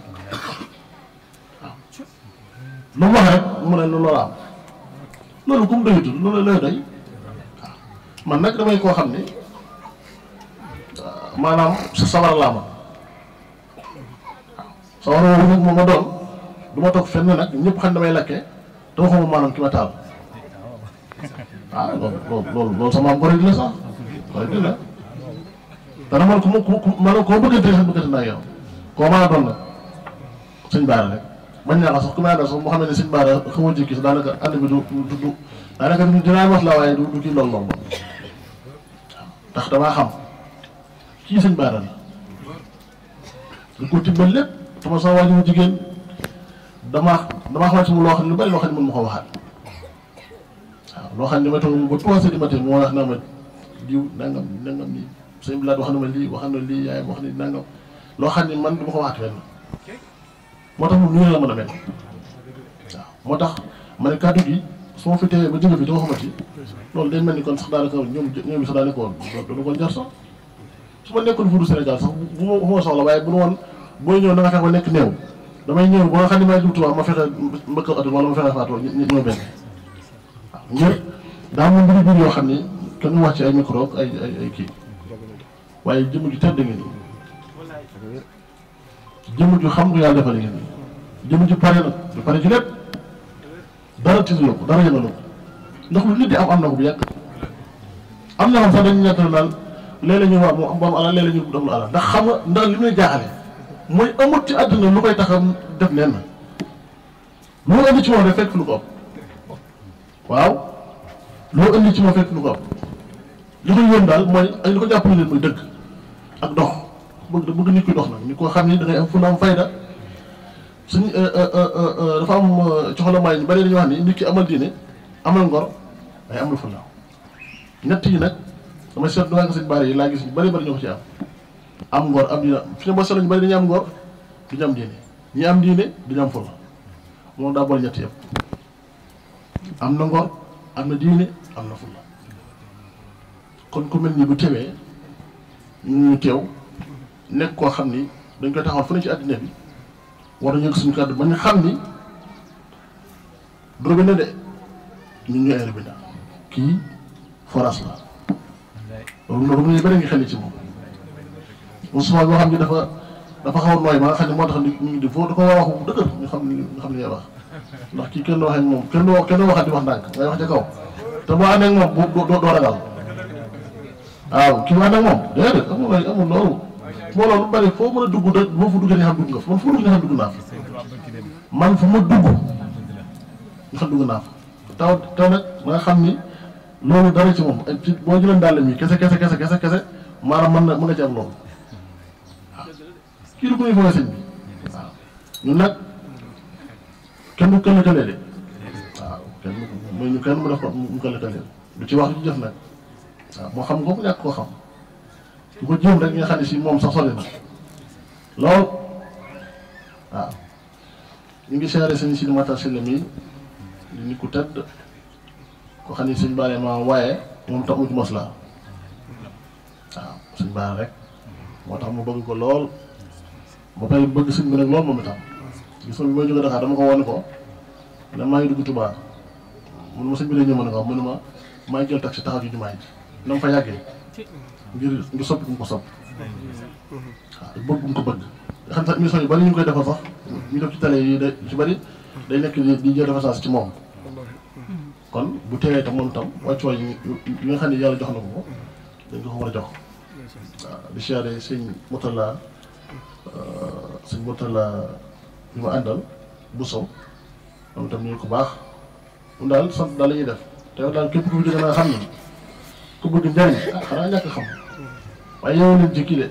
S12: mu wax ne lu loola am loolu ku mu doyatul loolu lay doy man nag damay koo xam ne maanaam sa ma sama roon ma doon du ma toog fenn nag ñëpp xam ah, man ku ma ku a waaye du kii loolu loolu ndax damaa xam kii sëñ Baara la du ko tibbal lépp sama sama waajur jigéen dama damaa xamante mu loo xam ne lu bari ne mën ma ko waxaat waaw loo xam ne ma toog wax na ma diw nangam nangam nii sëñ bi wax na ma wax na lii ni loo xam ne man du ma ko waxaat fenn moo tax moom lu la mën a mel moo tax ma ne kàddu gi su ma fi teewee ba jóge fi dama xamante loolu day mel ni kon sax daanaka ñoom ñoom sax daanaka woon su ma nekkul fuudu Sénégal sax bu ma soxla waaye bu nu woon booy ñëw na nga fexe ba nekk néew damay ñëw ba nga xam ne may dugg Tuubaa ma fexe mbëkk oto wala ma fexe faatoo nit ñoo benn waaw daa moom mbiri biir yoo xam ne kenn wax ci ay micro ay kii waaye jëmm ju tedd ngeen jëmm ju xam nga yàlla defal ngeen jëmm ju pare na du pare ci lépp dara tiitloo ko dara yëngaloo ko ndax lu nit di am am na ko bu yàgg am na xam sax dañu ñett naan léeg-léeg ñu alal léeg-léeg ñu def lu alal ndax xam ndax li muy jaaxale mooy amul ci àdduna lu koy taxam def leen na loo indi ci moom rek fekk lu ko waaw loo indi ci moom fekk lu ko li ko yóon daal mooy ay li ko jàppale leen mooy dëgg ak dox bëgg bëgg nit kuy dox nag xam ni da fu na am fayda suñ euh, euh, euh, dafa am coxalamaay ñu bari dañuy wax ni nit ki amal diine amal ngor waaye amul fu la ñett yi nag damay seet duwaa nga seen baar yi laa gis ñu bari bari ñoo ko ci am am ngor am diine fi ñu boo seetlu ñu bëri dañuy am ngor duñu am diine ñi am diine duñu am fulla moom daa boole ñett yëpp am na ngor am na diine am na fulla kon ku mel ni bu tewee ñu teew nekk koo xam ni dañ koy taxawal fu ne ci àddina bi war nañu suñu kàddu ba ñu xam ni du robinet de ñu ñooy ay robinet kii forage yi bëri nga xam ne ci moom souvent boo xam ne dafa dafa xaw a nooy ma nga xam ne moo tax nit ñi di foo da ko wax waxu dëgër ñu xam ñu xam li ngay wax ndax kii kenn waxee moom kenn kenn waxati wax ndànk ngay wax ca kaw te boo àndee ak moom bu doo ragal waaw kii boo ànd ak moom déedéet amul a dugg da boo nga fa man fu ma dugg nga xam dugg naa taw taw nag ma nga xam ni loolu dara ci moom boo jëlee ndàll mi kese kese kese kese kese mën na mën na ci loolu kii du koy fooy sëñ bi waaw ñun nag kenn du kenn tële de waaw kenn mooy kenn mu def mu kenn tële du ci wax du jëf nag waaw moo xam nga ko ñàkk koo xam du ko jéem rek nga xam ne si moom sax sori ñu ngi seere sëñ Sidi Matar mi di nit ku tëdd ko xam ne sëñ Bara ma waaye moom tax mu ci mos waaw sëñ Bara rek moo tax mu bëgg ko lool ba pare bëgg sëñ bi nag loolu moom itam gis nga bi may jógee Dakar dama ko wane ko ne maa ngi dugg Touba mënuma sëñ bi day ñëw ma ne ko mënuma maa ngi jël taxi taxaw ci jumaa ji na ma fa yàggee ngir ngir soppi ku ko soppi
S6: waaw
S12: bëgg bu ko bëgg. nga xam sax émission yu bari ñu koy def ci télé yi day ci bari day nekk di jël référence ci moom kon bu teewee tam moom itam wàccuwaay yi nga xam ne yàlla jox na ko ko dañ ko ko war a jox waaw di siyaare sëñ Moutalla Euh, sëñ Mourtala ñu ma àndal bu sow moom itam ñu ko baax moom daal sant daal la def te daal képp ku bëgg naa xam ne ku bëgg njariñ ah xanaa ñàkk xam waaye yow leen jëkki de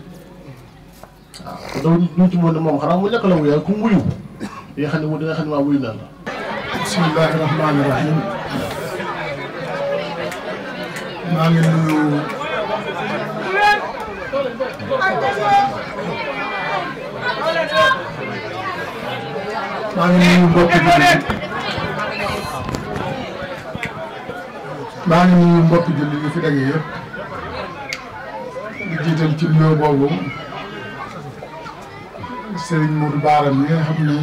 S12: waaw te doo ñu ci mën moom xanaa mu ñàkk la wuyu ku mu xam ne mu di nga la. maa ngi nuyu mbokki jullit maa ngi fi daje yëpp di jiital ci nuyoo boobu Serigne Modou Bara mi nga xam ni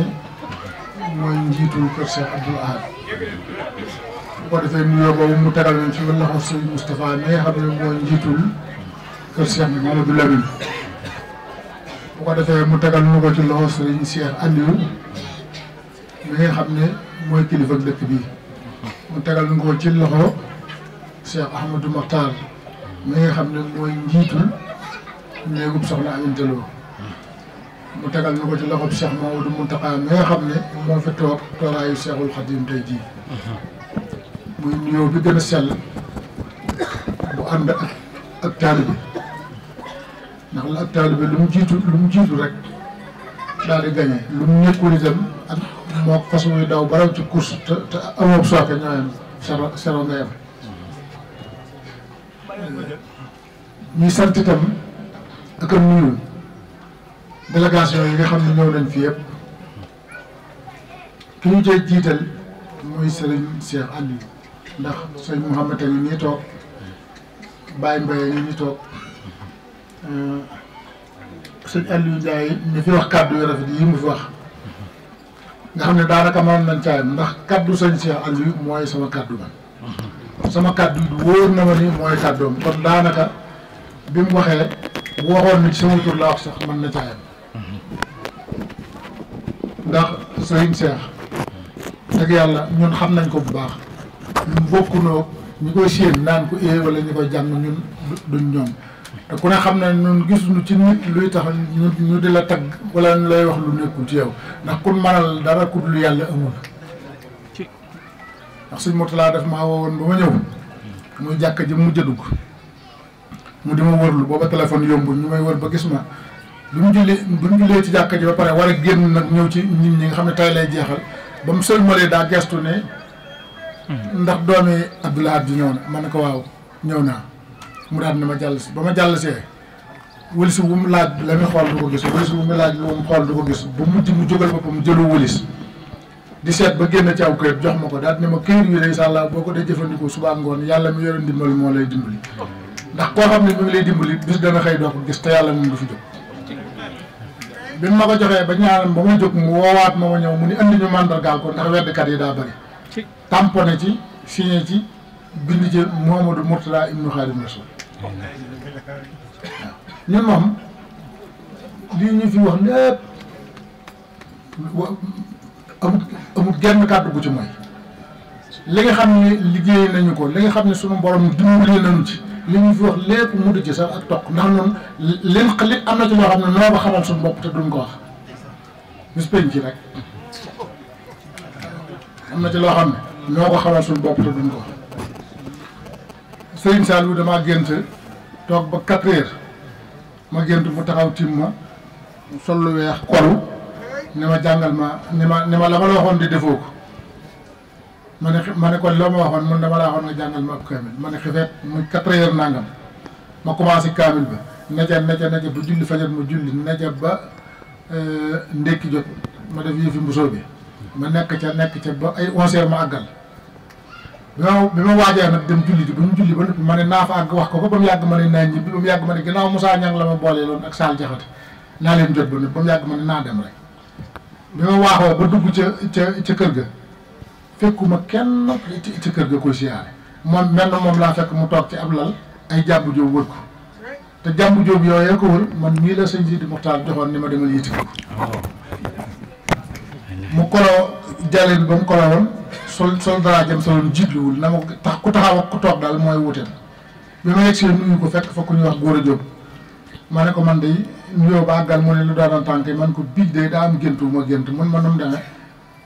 S12: mooy njiitul kër Cheikh Abdoul Ahad bu ko defee nuyoo boobu mu tegal nañ ci loxo Serigne Moustapha mi nga xam ne mooy njiitul kër Cheikh bi Mamadou Lamine bu ko defee mu tegal nu ko ci loxo Serigne Cheikh Aliou mi nga xam ne mooy kilifa dëkk bii mu tegal nga ko ci loxo Cheikh Ahmadou Makhtar mi nga xam ne mooy njiitul néegub soxna Aminta Lo mu tegal na ko ci loxob Cheikh Mamadou Mountakha mi nga xam ne moo fi toog tooraayu Cheikhul Khadim tey jii muy nuyoo bi gën a sell bu ànd ak ak taalibe ndax la ak taalibe lu mu jiitu lu mu jiitu rek daal di gañe lu mu nekkul itam ak moo fas muy daw ba ci course te te amoo soxla ñoo yem sero sero nga yem ñuy sant itam ak am nuyu délégation yi nga xam ne ñëw nañ fi yëpp ki ñu cee jiital mooy sëriñ Cheikh Aliou ndax sëñ Mouhamed a ngi nii toog Baye Mbaye ngi nii toog mm-hmm. euh, sëñ Aliou Ndiaye ñu fi wax kàddu yu rafet yi mu fi wax nga xam ne daanaka mënoon nañ caayam ndax kaddu sëñ Cheikh Aliou mooy sama kaddu man sama kaddu wóor na ma ni mooy kaddoom kon daanaka bi mu waxee waxoon ni sama tur laa wax sax man na caayam ndax sëñ Cheikh dëgg yàlla ñun xam nañ ko bu baax ñun bokkunoo ñu koy séen naan ko ee eh wala ñu jàng ñun duñ ñoom te ku ne xam na ñun gisuñu ci nit luy tax ñu ñu di la tagg wala ñu lay wax lu nekkul ci yow ndax kun manal dara ku lu yàlla amul ndax suñ motulaa def maa woowoon ba ma ñëw muy jàkk ji mujj a dugg mu di ma wërlu booba téléphone yombul ñu may wër ba gis ma bi mu jullee bi mu jullee ci jàkk ji ba pare war a génn nag ñëw ci nit ñi nga xam ne tay lay jeexal ba mu sëlmalee daa gestu ne hmm. ndax doomi Abdoulaye Abdi ñëw na ma ne ko waaw ñëw naa mu daal ni ma jàll si ba ma jàll see wëlis bu mu laaj la xool ko gis wëlis mu laaj lu mu xool du ko gis bu mujj mu jógal boppam jëlu wëlis di seet ba génn ci aw këyit jox ma ko daal ne ma këyit yi day sàlla boo ko dee jëfandikoo suba ngoon yàlla mi yore ndimbal moo lay dimbali ndax koo xam ne mi ngi lay dimbali bis dana xëy doo ko gis te yàlla moom du fi jóg bi ma ko joxee ba ñaanam ba ma jóg mu woowaat ma ma ñëw mu ni andi ñu mandargaal ko ndax kat yi daa bëri tamponné ci signé ci bind ci Mouhamadou Mourtada Ibnu Khadim Rasoul ñun moom lii ñu fi wax lépp amut amut genn kàddu gu ci mooy li nga xam ni liggéey nañu ko li nga xam ne sunu borom dimbali nañu ci li ñu fi wax lépp mu di ci sax ak toq ndax noonu li am na ci loo xam ne noo ko xamal suñu bopp te duñ ko wax bis peñ ci rek am na ci loo xam ne noo ko xamal suñu bopp te duñ ko wax Sëriñ Saliou damaa gént toog ba quatre heures ma gént mu taxaw tim ma sol lu weex kolu ne ma jàngal ma ne ma ne ma la ma la waxoon di defoo ko ma ne ma ne kon loo ma waxoon mun dama laa waxoon nga jàngal ma ab kaamil ma ne xifeet muy quatre heures nangam ma commencé kaamil ba neca neca neca bu julli fajar mu julli neca ba euh, ndékki jot ma def yëfi mbusoo bi ma nekk ca nekk ca ba ay onze heures ma àggal bi ma bi ma waajee nag dem julli ji ba mu julli ba noppi ma ne naa fa àgg wax ko ko ba mu yàgg ma ne naa ñibbi ba mu yàgg ma ne ginnaaw la ma loon ak Sall Jaxate naa leen jot ba noppi ba mu yàgg ma ne naa dem rek bi ma waaxoo ba dugg ca ca kër ga fekkuma kenn ca kër ga koy siyaare moom mel na moom laa fekk mu toog ci ab lal ay jàmbu jóob wër ko te jàmbu jóob yooyee ko wër man mii la sëñ Sidi Muxtaar joxoon ni ma demal yitiko oh. mu kolo jàllin ba mu ko rawoon sol sol dara jëm soloon wul na ma tax ku taxaw ak ku toog daal mooy wuteel bi ma yegg si nuyu ko fekk fa ku ñuy wax góor a jóg ma ne ko man day nuyoo ba àggal mu lu doonoon tànk yi man ko biig daa am géntu ma gént mun ma nu mu demee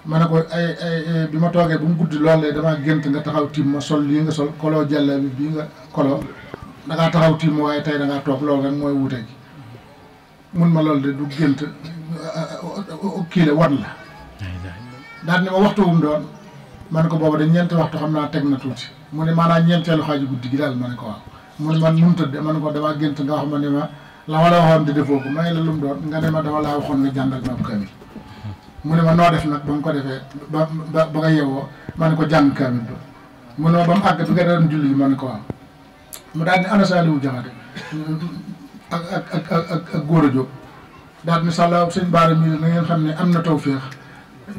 S12: ne ko ay ay bi ma toogee bu mu guddi lool de damaa gént nga taxaw tiim ma sol lii nga sol koloo jàlla bi bii nga koloo da ngaa taxaw tiim ma waaye tey da ngaa toog loolu rek mooy wute ji mun ma loolu de du gént ah, ah, ah, kii wan la daal ni ma waxtu wu mu doon ma ko boobu de ñeenti waxtu xam naa teg na tuuti mu ne ma ne ko waaw mu ne man nu mu tëdd ne ko damaa ma ne ma la ma la waxoon de defoo ko la lu ma dama laa waxoon nga jàngal ma kaamil mu ne ma noo def nag ba mu ko defee ba ba nga yeewoo ma ne ko jàng kaamil ba mu ne ma ba mu àgg ne ko waaw mu daal ni ana Saliou Diakhaté ak ak ak ak ak góor a jóg daal ni sàlla sëñ Baara mii na ngeen xam ne am na tawféex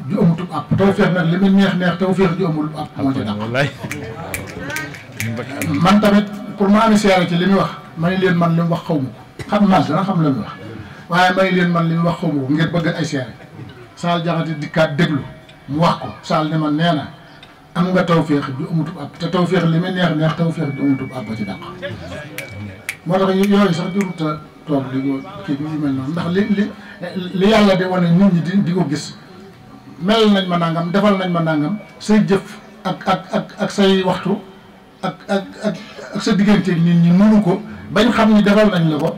S12: ju amutub àpp tawféex nag li mu neex neex tawféex ju amul àpp
S6: moo ci dàq man
S12: tamit pour ci li muy wax may leen man li wax xaw ma xam naa dana xam la muy wax waaye man li wax xaw ma ko ngir bëgg ay seere Saal Jaxate dikkaat déglu mu wax ko Saal ne ma nee na am nga tawféex ju amutub àpp te tawféex li mu neex neex tawféex ju amutub àpp ci dàq moo tax yooyu sax juruta toog di ko kii bi yu noonu ndax li li li yàlla di wane nit ñi di ko gis melal nañ ma nangam defal nañ ma nangam say jëf ak ak ak ak say waxtu ak ak ak ak sa digganteeg nit ñi nunu ko bañ xam ni defal nañ la ko.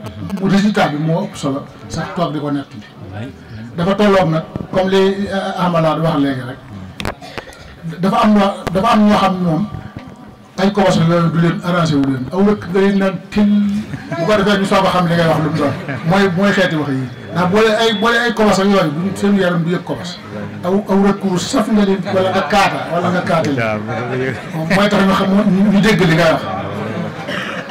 S12: résultat bi moo solo sax toog di ko nekk bi dafa tolloog nag comme li eh, Amalaad wax léegi rek dafa am dafa am ñoo xam moom. fañ ko wasal loolu du leen arrangé wu leen aw rëkk nga leen naan til bu ko defee ñu soog a xam li ngay wax lu mu doon mooy mooy xeeti wax yi ndax boole ay boole ay kobas ak yooyu bu seen yaram du yëg kobas aw aw rëkk wu saf nga leen wala nga kaata wala nga kaata li mooy tax ñu xam ñu dégg wax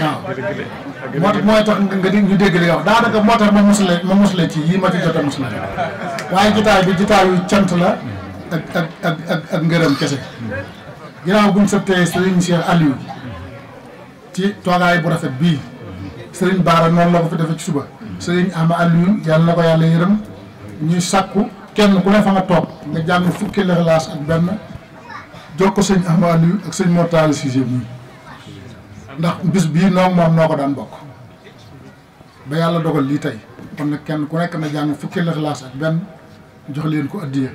S6: waaw moo
S12: tax nga di ñu dégg li nga wax daanaka moo tax ma mosule ma mosule ci yii ma ci jot a mosule waaye jotaay bi jotaayu cant la ak ak ak ak ngërëm kese ginnaaw buñ sottee sëriñ Cheikh Aliou ci toogaay bu rafet bii sëriñ Baara noonu la ko fi defee ci suba sëriñ Ama Aliou yàlla na ko yàlla yërëm ñuy sàkku kenn ku ne fa nga toog nga jàng fukki lexlaas ak benn jox ko sëñ Ama Aliou ak bi ndax bis bii noog moom noo ko daan bokk ba yàlla dogal lii tey kon nag kenn ku nekk na jàng fukki lexlaas ak benn jox leen ko addiya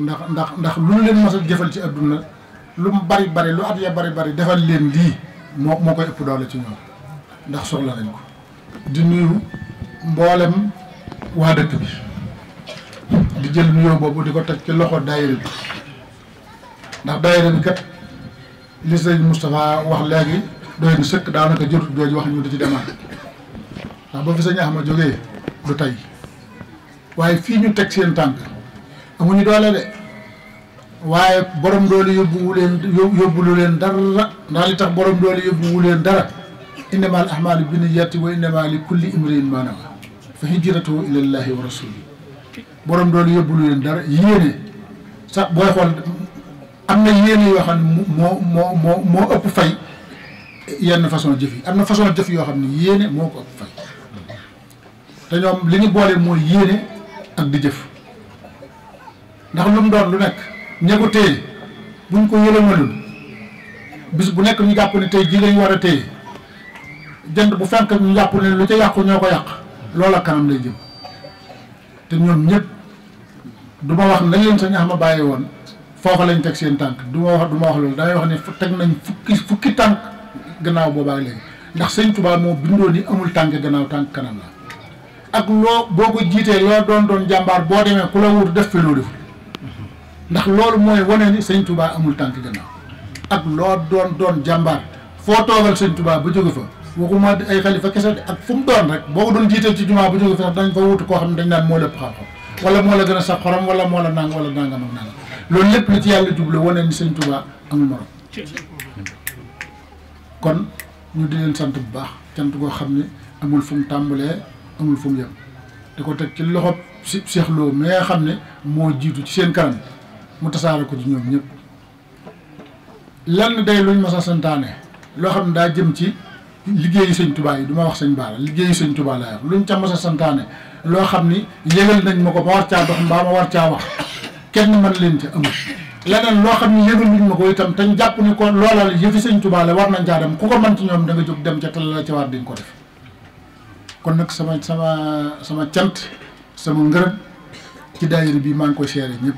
S12: ndax ndax ndax lu leen ma a jëfal ci adduna lu mu bari bari lu at ya bari bari defal leen lii moo moo koy ëpp doole ci ñoom ndax soxla nañ ko di nuyu mboolem waa dëkk bi di jël nuyoo boobu di ko teg ci loxo daayira bi ndax daayira bi kat li sëñ Moustapha wax léegi doy na sëkk daanaka jërut jooju wax ñu di ci demaat ndax ba fi sëñ Ahmad jógee du tey waaye fii ñu teg seen tànk amuñu doole de waaye borom doole yóbbuwu leen yóbbulu leen dara ndax li tax borom doole yóbbuwu leen dara innamal ahmaalu binniyati wa innama li kulli imrin ma nawa fa hijratuhu ilallahi wa rasuli borom doole yóbbulu leen dara yéene sax booy xool am na yéene yoo xam ne moo moo moo moo ëpp fay yenn façon jëf yi am na façon jëf yoo xam ne yéene moo ko ëpp fay te ñoom li ñu boole mooy yéene ak di jëf ndax lu mu doon lu nekk ña ko téye buñ ko yërëmalul bis bu nekk ñu jàpp ne tey ji lañ war a téye jënd bu fenk ñu jàpp ne lu ca yàqu ñoo ko yàq loola lay jëm te ñoom ñëpp du ma wax nañ leen sañ xam ma bàyyi woon lañ teg seen tànk du ma wax du ma wax loolu damay wax ne teg nañ fukki tànk gannaaw boobaa léegi ndax sëñ Tuubaa moo bindoo ni amul tànk gannaaw tànk kanam la ak loo boo ko jiitee loo doon doon jàmbaar boo demee ku la wut def fi loo defut ndax loolu mooy wane ni sëñ tubaa amul tànk gannaaw ak loo doon doon jàmbaar foo toogal sëñ tubaa bu jóge fa waxuma ay xalifa kese ak fu mu doon rek boo ko doon jiital ci jumaa ba jóge fa sax dañ fa wutu koo xam ne dañ naan moo lépp xam-xam la gën a sax wala moo la nang wala nangam ak nangam loolu lépp li ci yàlla jublu wane ni sëñ tubaa amul morom kon ñu di leen sant bu baax cant goo xam ne amul fu mu tàmbalee amul fu mu yem di ko teg ci loxo si Cheikh Lo nga xam ne moo jiitu ci seen kanam mu tasaare ko ci ñoom ñëpp lenn day luñ mas a loo xam ne daa jëm ci liggéeyu sëñ tubaa yi du ma wax sëñ baara liggéey sëñ tubaa laa wax luñ ca mas a loo xam ni yëgal nañ ma ko ma war caa dox mbaa ma war caa wax kenn man leen ca amul leneen loo xam ne yëgal luñ ma ko itam tañ jàpp ni ko loolal yëfi sëñ tubaa war nañ caa dem ku ko mën ci ñoom da nga jóg dem ca tala la ca war diñ ko def kon nag sama sama sama cant sama ngërëm ci daayira bi maa ngi koy seere ñëpp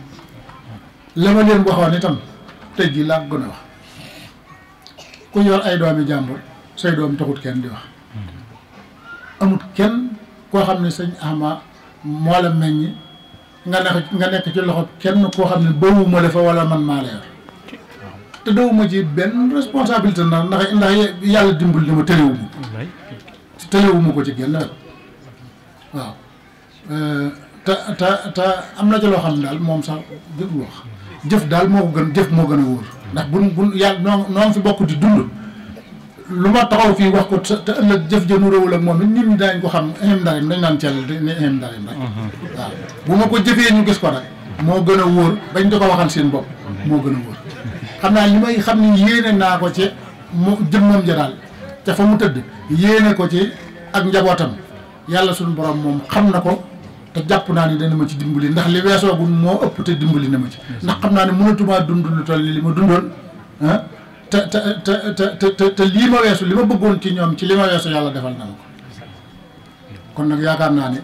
S12: la ma leen waxoon itam tey jii laa gën a wax ku yor ay doomi jàmbur say doom taxut kenn di wax amut kenn koo xam ne sëñ Axma moo la meññ nga nekk nga nekk ci loxo kenn koo xam ne bawuma la fa wala man maa la ci benn responsabilité na ndax ndax yàlla dimbal li ma tëlewuma tëlewuma ko ci genn waaw euh, te te te am na ci loo xam ne daal moom sax jëf wax jëf daal moo gën jëf moo gën a wóor ndax buñ buñ yàlla noo noo fi bokk di dund lu ma taxaw fii wax ko te ëllëg jëf jënu réewul ak moom it nit ñi daañ ko xam im ndarim dañ naan cell ne im ndarim rek mhm. waaw bu ma ko jëfee ñu gis ko rek moo gën a wóor bañ di ko waxal seen bopp moo gën a wóor xam naa li may xam ni yéene naa ko ci mu jëmmam ja daal ca fa mu tëdd yéene ko ci ak njabootam yàlla suñu borom moom xam na ko te jàpp naa ni dana ma ci dimbali ndax li weesoogun moo ëpp te dimbali na ma ci ndax xam naa ne mënatumaa dund lu toll ni li ma dundoon ah te te te te te lii ma weesu li ma bëggoon ci ñoom ci li ma weesu yàlla defal na ma ko kon nag yaakaar naa ni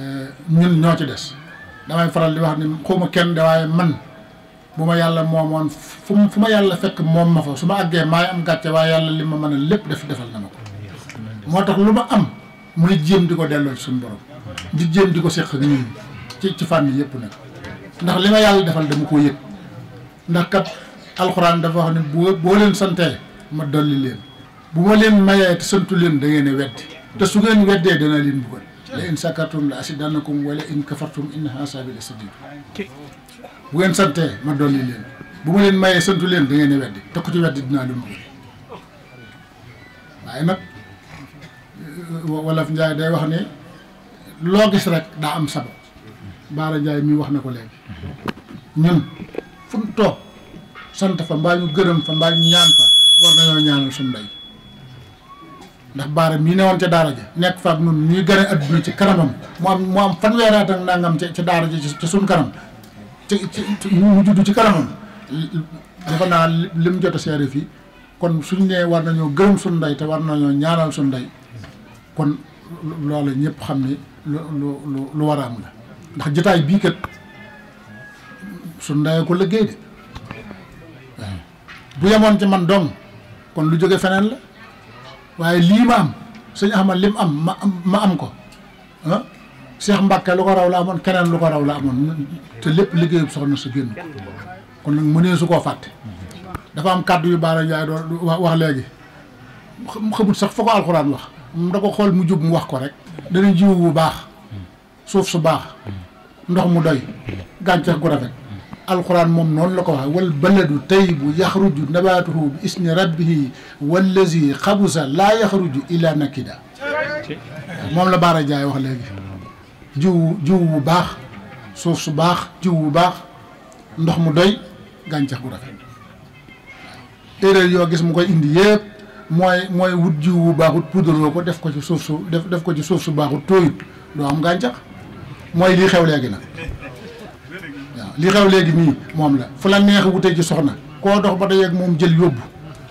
S12: eh, ñun ñoo ci des damay faral di wax ni xawma kenn de man bu ma yàlla moomoon fu fu ma yàlla fekk moom ma fa su ma àggee maay am gàcce waaye yàlla li ma mën a lépp def defal na ma ko moo tax lu ma am muy jéem di ko delloo suñu borom di jéem di ko seq ak ñun ci ci fànn yëpp nag ndax li ma yàlla defal dama koo yëg ndax kat alxuraan dafa wax ne boo boo leen sante ma dolli leen bu ma leen mayee te santu leen da ngeen a te su ngeen weddee dana leen buggal la in sakartum la asidanakum wala in kafartum inna asabi la sadir bu ngeen santee ma dolli leen leen mayee santu leen da ngeen a weddi te ku ci weddi dinaa leen buggal waaye nag wolof Njaay day wax ne loo gis rek daa am sabab Baara Ndiaye mii wax na ko léegi ñun fu ñu toog sant fa mbaa ñu gërëm fa mbaa ñu ñaan fa war nañoo ñaanal suñu ndey ndax Baara mii newoon ca daara ja nekk fa ak ñun ñuy ci kanamam mu am mu am fanweeraat ak nangam ca ja ci suñ kanam ci ci ci kanamam dafa naa lim jot a seere fii kon suñ nee war nañoo gërëm suñu ndey te war nañoo ñaanal suñu ndey kon loola ñëpp xam ni lu lu lu war a am la ndax jotaay bii su suñ ndayee ko liggéey de bu yemoon ci man dong kon lu jóge feneen la waaye lii ma am sëñ Ahmad lim am ma am ma am ko ah Cheikh Mbacke lu ko raw la amoon keneen lu ko raw la amoon te lépp liggéeyub soxna su génn ko kon nag nee su koo fàtte dafa am kàddu yu baara yaay doon wax léegi xamut sax fa ko alxuraan wax da ko xool mu jub mu wax ko rek dañuy jiw bu baax suuf su baax ndox mu doy gàncax gu rafet alxuraan moom noonu la ko waxee wal baladu tayyibu yaxruju nabaatuhu bi isni rabbihi wallazi xabusa laa yaxruju illa nakida moom la Baara Jaay wax léegi jiw jiw bu baax suuf su baax jiw bu baax ndox mu doy gàncax gu rafet erreur yoo gis mu koy indi yëpp mooy mooy wut jiw bu baaxut puudaroo ko def ko ci suuf su def def ko ci suuf su baaxut tooyut doo am gàncax mooy lii xew léegi nag waaw lii xew léegi nii moom la fu la neex wutee ci soxna koo dox ba dayeeg moom jël yóbbu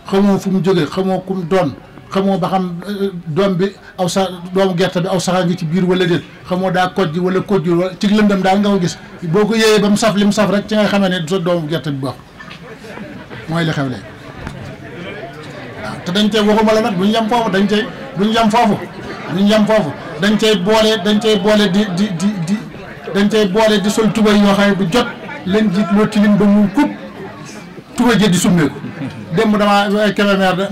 S12: xamoo fu mu jógee xamoo kum doon xamoo ba xam euh, doom bi aw sax doomu gerte bi aw saxaar ngi ci biir wala déet xamoo daa kojj wala kojj wala ci lëndam daal nga ko gis boo ko yéeyee ba mu saf li mu saf rek ci nga xamee ne sa doomu gerte bi baax mooy li xew léegi te dañ cey waxuma la nag bu ñu yem foofu dañ cey duñ yem foofu duñ yem foofu dañ cey boole dañ cey boole di di di di dañ cey boole di sol tubay yoo xam ne bu jot leen jiit loo tilim ba mu kub tubay ji di summeeku démb damaa ay kéeméer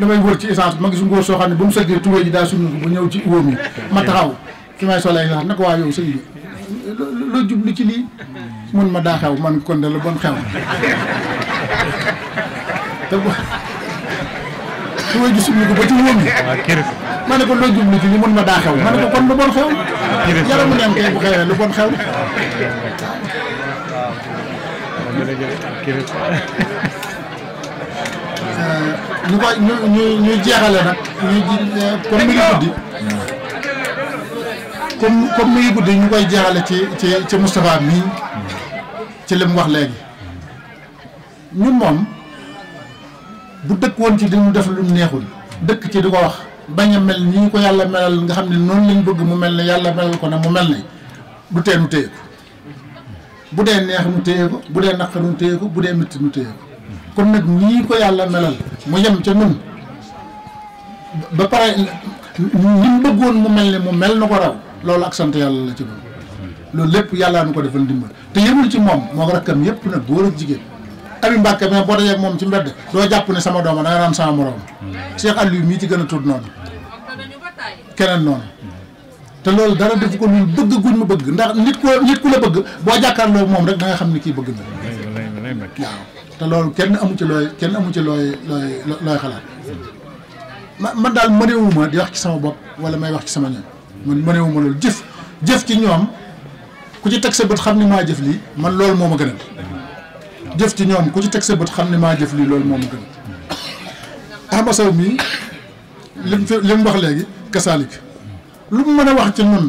S12: damay wër ci essence ma gis ngóor soo xam ne ba mu sëggee tubay ji daa summeeku ba ñëw ci wóom yi ma taxaw ki may solee essence na ko waa yow sëñ bi loo jublu ci lii mun ma daa xew man kon de la bon xew te
S11: su way gisum ni ko ba ci wóom bi [LAUGHS] ma ne ko mën ma daa xew ma ne ko kon lu bon xew yaram mu neen kay bu xew
S12: ñu [LAUGHS] koy ñu ñu ñuy jeexale nag ñuy comme mi ngi guddi comme comme guddi ñu koy jeexale ci ci ci Moustapha mii ci li wax léegi ñun moom bu dëkk woon ci dañu def lu neexul dëkk ci di ko wax bañ a mel ni ñu ko yàlla melal nga xam ne noonu lañ bëgg mu mel ne yàlla melal ko na mu mel ni du tee nu téye ko bu dee neex nu téye ko bu dee naqar nu téye ko bu dee métti nu téye ko kon nag nii ko yàlla melal mu yem ca nun ba pare ni mu bëggoon mu mel ne mu mel nu ko raw loolu ak sant yàlla la ci mën loolu lépp yàlla nu ko defal ndimbal te yemul ci moom moo ko rakkam yëpp nag góor ak jigéen tamit Mbàkke mais boo dajee moom ci mbedd doo jàpp ne sama dooma da nga naan sama moroom Cheikh Aliou mii ci gën a tudd noonu keneen noonu te loolu dara def ko ñun bëgg guñ ma bëgg ndax nit ku nit la bëgg boo jàkkaarloo moom rek da xam ne kii bëgg na waaw te loolu kenn amu ci looy kenn amu ci looy looy looy xalaat ma man daal mënewuma di wax ci sama bopp wala may wax ci sama ñoom man mënewuma loolu jëf jëf ci ñoom ku ci teg sa bët xam ni maa jëf lii man loolu moo ma gënal jëf ci ñoom ku ci teg sa bët xam ne maa jëf lii loolu moom gën Axma Sow mii li mu fi wax léegi kasaalik lu mu mën a wax ci nun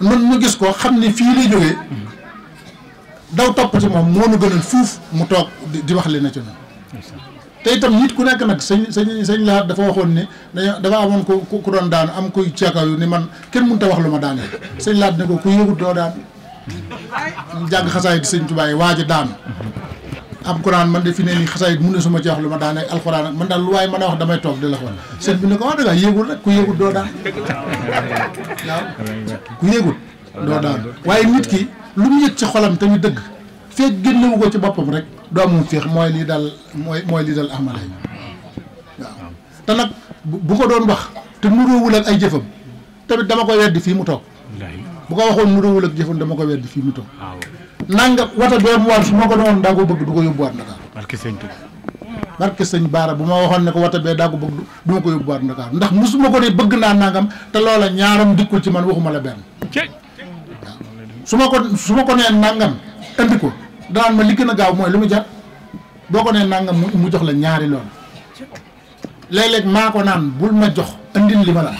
S12: nun ñu gis ko xam ni fii lay jógee daw topp ci moom moo nu gënal fuuf mu toog di wax leen na ci noonu te itam nit ku nekk nag sëñ sëñ sëñ Lahat dafa waxoon ni dañoo dafa amoon ku ku doon daan am kuy ceekaw ni man kenn mënut a wax lu ma daanee sëñ Lahat ne ko ku yëgut daan ñu jàng xasaayid sëñ Tuubaa yi waaj a daanu am Quran man de fi ne nii xasaayid mu ne suma ci wax lu ma daan ak alxuraan ak man daal lu waaye mën a wax damay toog di la xool sëñ bi ne ko wax dëgg yéegul rek ku yéegul doo daan waaw ku yéegul doo daan waaye nit ki lu mu yëg ci xolam tamit dëgg feeg génnewu ko ci boppam rek doo amum féex mooy lii daal mooy mooy lii daal ahmala
S6: waaw
S12: te nag bu ko doon wax te nuróowul ak ay jëfam tamit dama koy weddi fii mu toog bu ko waxoon mu dawul ak jëfan dama ko weddi fii mu toog nanga wata bee mu war su ma ko doon daa ko bëgg du ko yóbbuwaat Ndakaar
S6: barke sëñ Tuubaa
S12: barke sëñ Baara bu ma waxoon ne ko wata bee daa ko bëgg du ma ko yóbbuwaat Ndakaar ndax ko ne bëgg naa nangam te loola ñaaram dikkul ci man waxuma la benn su ma ko su ma ko nee nangam indi ko danaan ma li gën a gaaw mooy li mu jar boo ko nee nangam mu jox la ñaari loolu léeg-léeg maa ko naan bul ma jox indi li ma la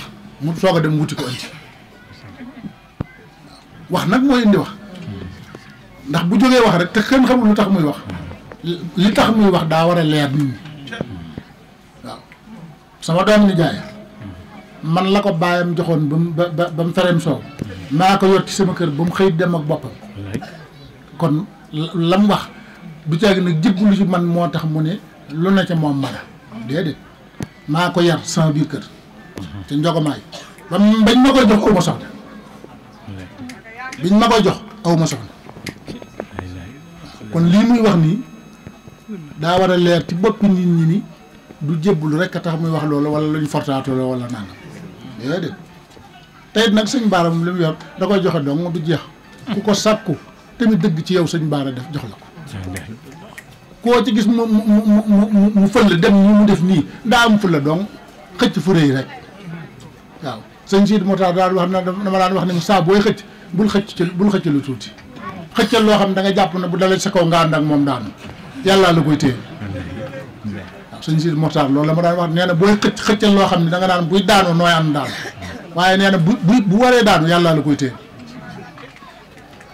S12: mu soog a dem wuti ko indi wax nag mooy indi wax ndax bu jógee wax rek te kenn xamul lu tax muy wax li tax muy wax daa war a leer nit ñi waaw sama doom ni man la ko baayam joxoon ba mu ba mu fereem soow maa ko yor ci sama kër ba mu xëy dem ak boppam kon la mu wax du caagi nag jëpp lu ci man moo tax mu ne lu na ca moom mën a déedéet maa ko yar sama biir kër ci njogomaay ba bañ ma koy jox uma biñ ma koy jox aw ma soxna kon lii muy wax nii daa war a leer ci boppi nit ñi ni du jébbul rek a tax muy wax loolu wala luñ fortaatoo la wala nangam yooyu de tey nag sëñ baara moom li mu yor da koy joxe dong du jeex ku ko sàkku tamit dëgg ci yow sëñ baara def jox la ko koo ci gis mu mu mu mu mu fël dem ñu mu def nii daa am fël la dong xëcc fu rëy rek waaw sëñ siid moo tax daal wax na dama daan wax ne saa booy xëcc bul xëcc ci bul xëcc lu tuuti xëccal loo xam ne nga jàpp na bu dalee sa kaw nga ànd ak moom daanu yàllaa la koy téye
S6: waaw
S12: sëñ si loolu la ma daan wax nee na booy xëcc xëccal loo xam ne da nga daan buy daanu nooy ànd daanu waaye nee bu bu bu waree daanu yàllaa la koy téye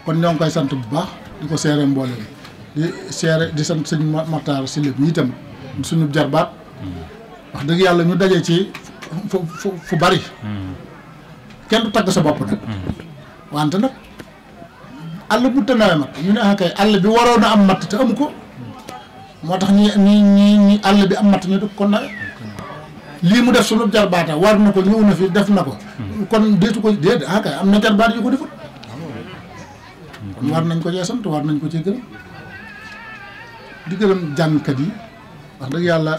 S12: kon ñoo koy sant bu baax di ko seere mboole bi di seere di sant sëñ Moxtaar si lépp ñi tam suñu jarbaat wax dëgg yàlla ñu daje ci fu fu bari hmm. kenn du tagg sa bopp nag hmm. wante nag àll bu tënawee mat ñu ne ah àll bi waroon na am matt te amu ko moo tax ñi ñi ñi àll bi am matt ñu dëkk ko nawe lii mu def suma jarbaata war na ko ñëw na fi def na ko kon déetu ko déet ah kay am na jarbaat yu ko defut kon war nañ ko cee sant war nañ ko cee gërëm di gërëm jàngkat yi wax dëgg yàlla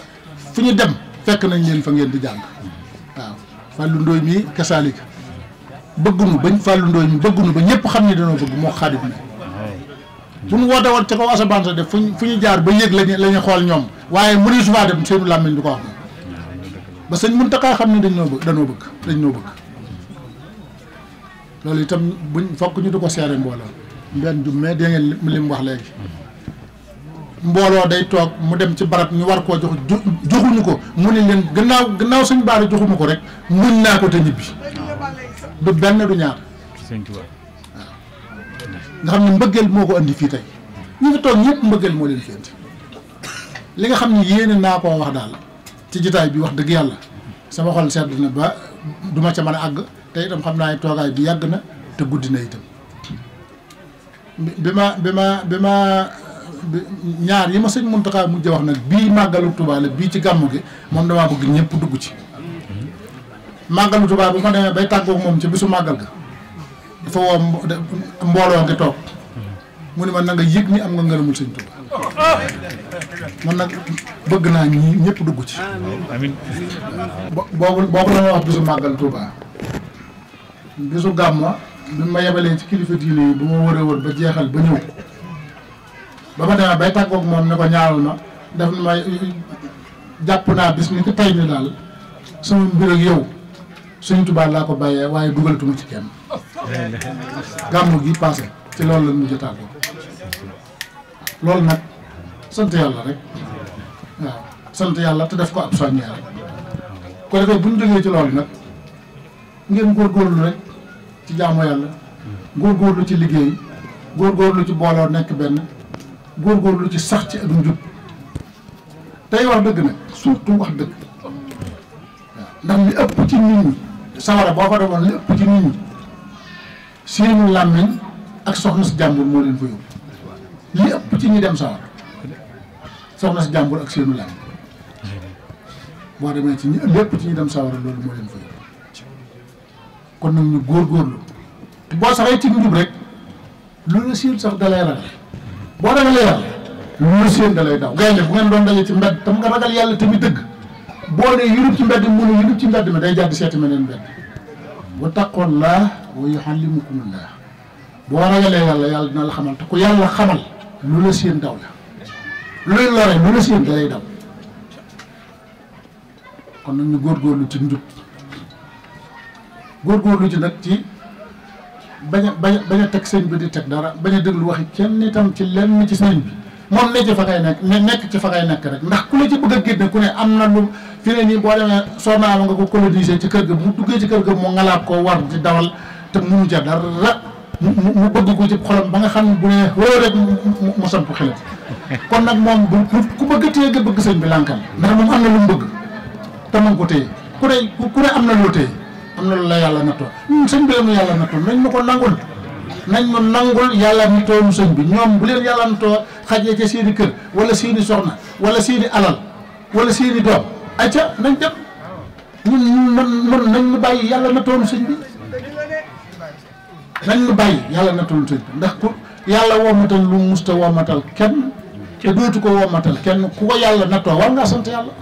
S12: fu ñu dem fekk nañ leen fa ngeen di jàng waaw Fallou Ndoye mii kasaalika bëggunu bañ fàllu ndooy mi bëggunu ba ñëpp xam ne dañoo bëgg moo xaadim bi bu mu woote woon ca kaw asamaan sa def fu ñu fu ñu jaar ba yëg lañu la ñu xool ñoom waaye mënu su faa dem seenu làmmiñ du ko wax ba sëñ Muntaxa xam ne dañ noo bëgg dañoo bëgg dañ noo bëgg loolu itam buñ fokk ñu du ko seere mbooloo mbenn jum mais dégg ngeen li wax léegi mbooloo day toog mu dem ci barab ñu war koo jox joxuñu ko mu ne leen gannaaw gannaaw suñ baara joxuma ko rek mun naa ko te ñibbi du benn du ñaar. waaw. nga xam ne mbëggeel moo ko indi fii tey ñu fi toog ñëpp mbëggeel moo leen fi andi li nga xam ne yéene naa koo wax daal ci jitaay bi wax dëgg yàlla sama xol sedd na ba du ma ca mën a àgg te itam xam naa ne toogaay bi yàgg na te guddi na itam bi ma bi ma bi ma ñaar yi ma sëñ Muntaxa mujj wax nag bii màggalu Tuubaa bii ci gàmm gi moom damaa bëgg ñëpp dugg ci. màggalu Tuubaa bu ma demee bay tàggoog moom ci bisu màggal ga dafa woo mbooloo ngi toog mu ne ma na yëg ni am nga ngërëmul sëñ Tuubaa man nag bëgg naa ñii dugg ci amiin boobu boobu la ma wax bisu màggal Tuubaa bisu gàmma bi ma yebalee ci kilifa diine yi ma wëree wër ba jeexal ba ñëw ba ma demee bay tàggoog moom ne ko ñaaral ma def na jàpp naa bis ni ko tey ni daal sama mbir ak yow sëñ Tuubaa laa ko bàyyee waaye dugalatuma ci kenn gàmmu gi passé ci loolu la ñu jotaat ko loolu nag sant yàlla rek waaw sant yàlla te def ko ab soññee ko defee bu ñu jógee ci loolu nag ngeen góor góorgóorlu rek ci jaamu yàlla lu ci liggéey góor góor lu ci booloo nekk benn góor góorgóorlu ci sax ci ak njub tey wax dëgg nag surtout wax dëgg ndax li ëpp ci nit ñi sawara boo fa demoon lépp ci nit ñi seenu làmmiñ ak soxna si jàmbur moo leen fa yóbbu li ëpp ci ñi dem sawara soxna si jàmbur ak seenu làmmiñ boo demee ci ñi lépp ci ñi dem sawara loolu moo leen fa yóbbu kon nag ñu góor góorgóorlu boo saxee ci njub rek lu la seen sax dalay ragal boo ragalee yàlla lu la seen dalay daw gaynde bu ngeen doon daje ci mbedd tam nga ragal yàlla tamit dëgg boo ne yurub ci mbedd mu ne yurub ci mbedd mi day jàdd seeti meneen mbedd wa taqoollah wa yuallimukumullah boo ragalee yàlla yàlla dina la xamal te ku yàlla xamal lu la seen daw la lu leen lore lu la seen da lay daw kon nag ñu lu ci njub góorgóorlu ci nag ci bañ a bañ a bañ teg sëñ bi di teg dara bañ a déglu waxi kenn itam ci lenn ci sëñ bi moom ne ci fa ngay nekk nekk ci fa ngay nekk rek ndax ku la ci bëgg a génne ku ne am na lu fii ne nii boo demee soxna am ko colonisé ci kër ga mu duggee ci kër ga mu ngalaab ko war di dawal te munu ca dara mu bëgg ko ci xolam ba nga xam bu ne wóor rek mu samp xelam kon nag moom bu ku bëgg téye nga bëgg sëñ bi lànkal ndax moom am na lu mu bëgg te man ko téye ku ne ku ne am na loo téye am na lu la yàlla nattoo sëñ bi la nu yàlla nattoo ko nangul nañ ma nangul yàlla mu sëñ bi ñoom bu leen yàlla nattoo xaj ca seeni kër wala seeni soxna wala seeni alal wala seeni doom acca nañ dem ñun nañ ñu bàyyi yàlla na toonu sëñ bi nañ ñu bàyyi yàlla na toonu sëñ bi ndax ku yàlla woomatal lu musta woomatal kenn te dootu ko woomatal kenn ku ko yàlla nattoo war ngaa sant yàlla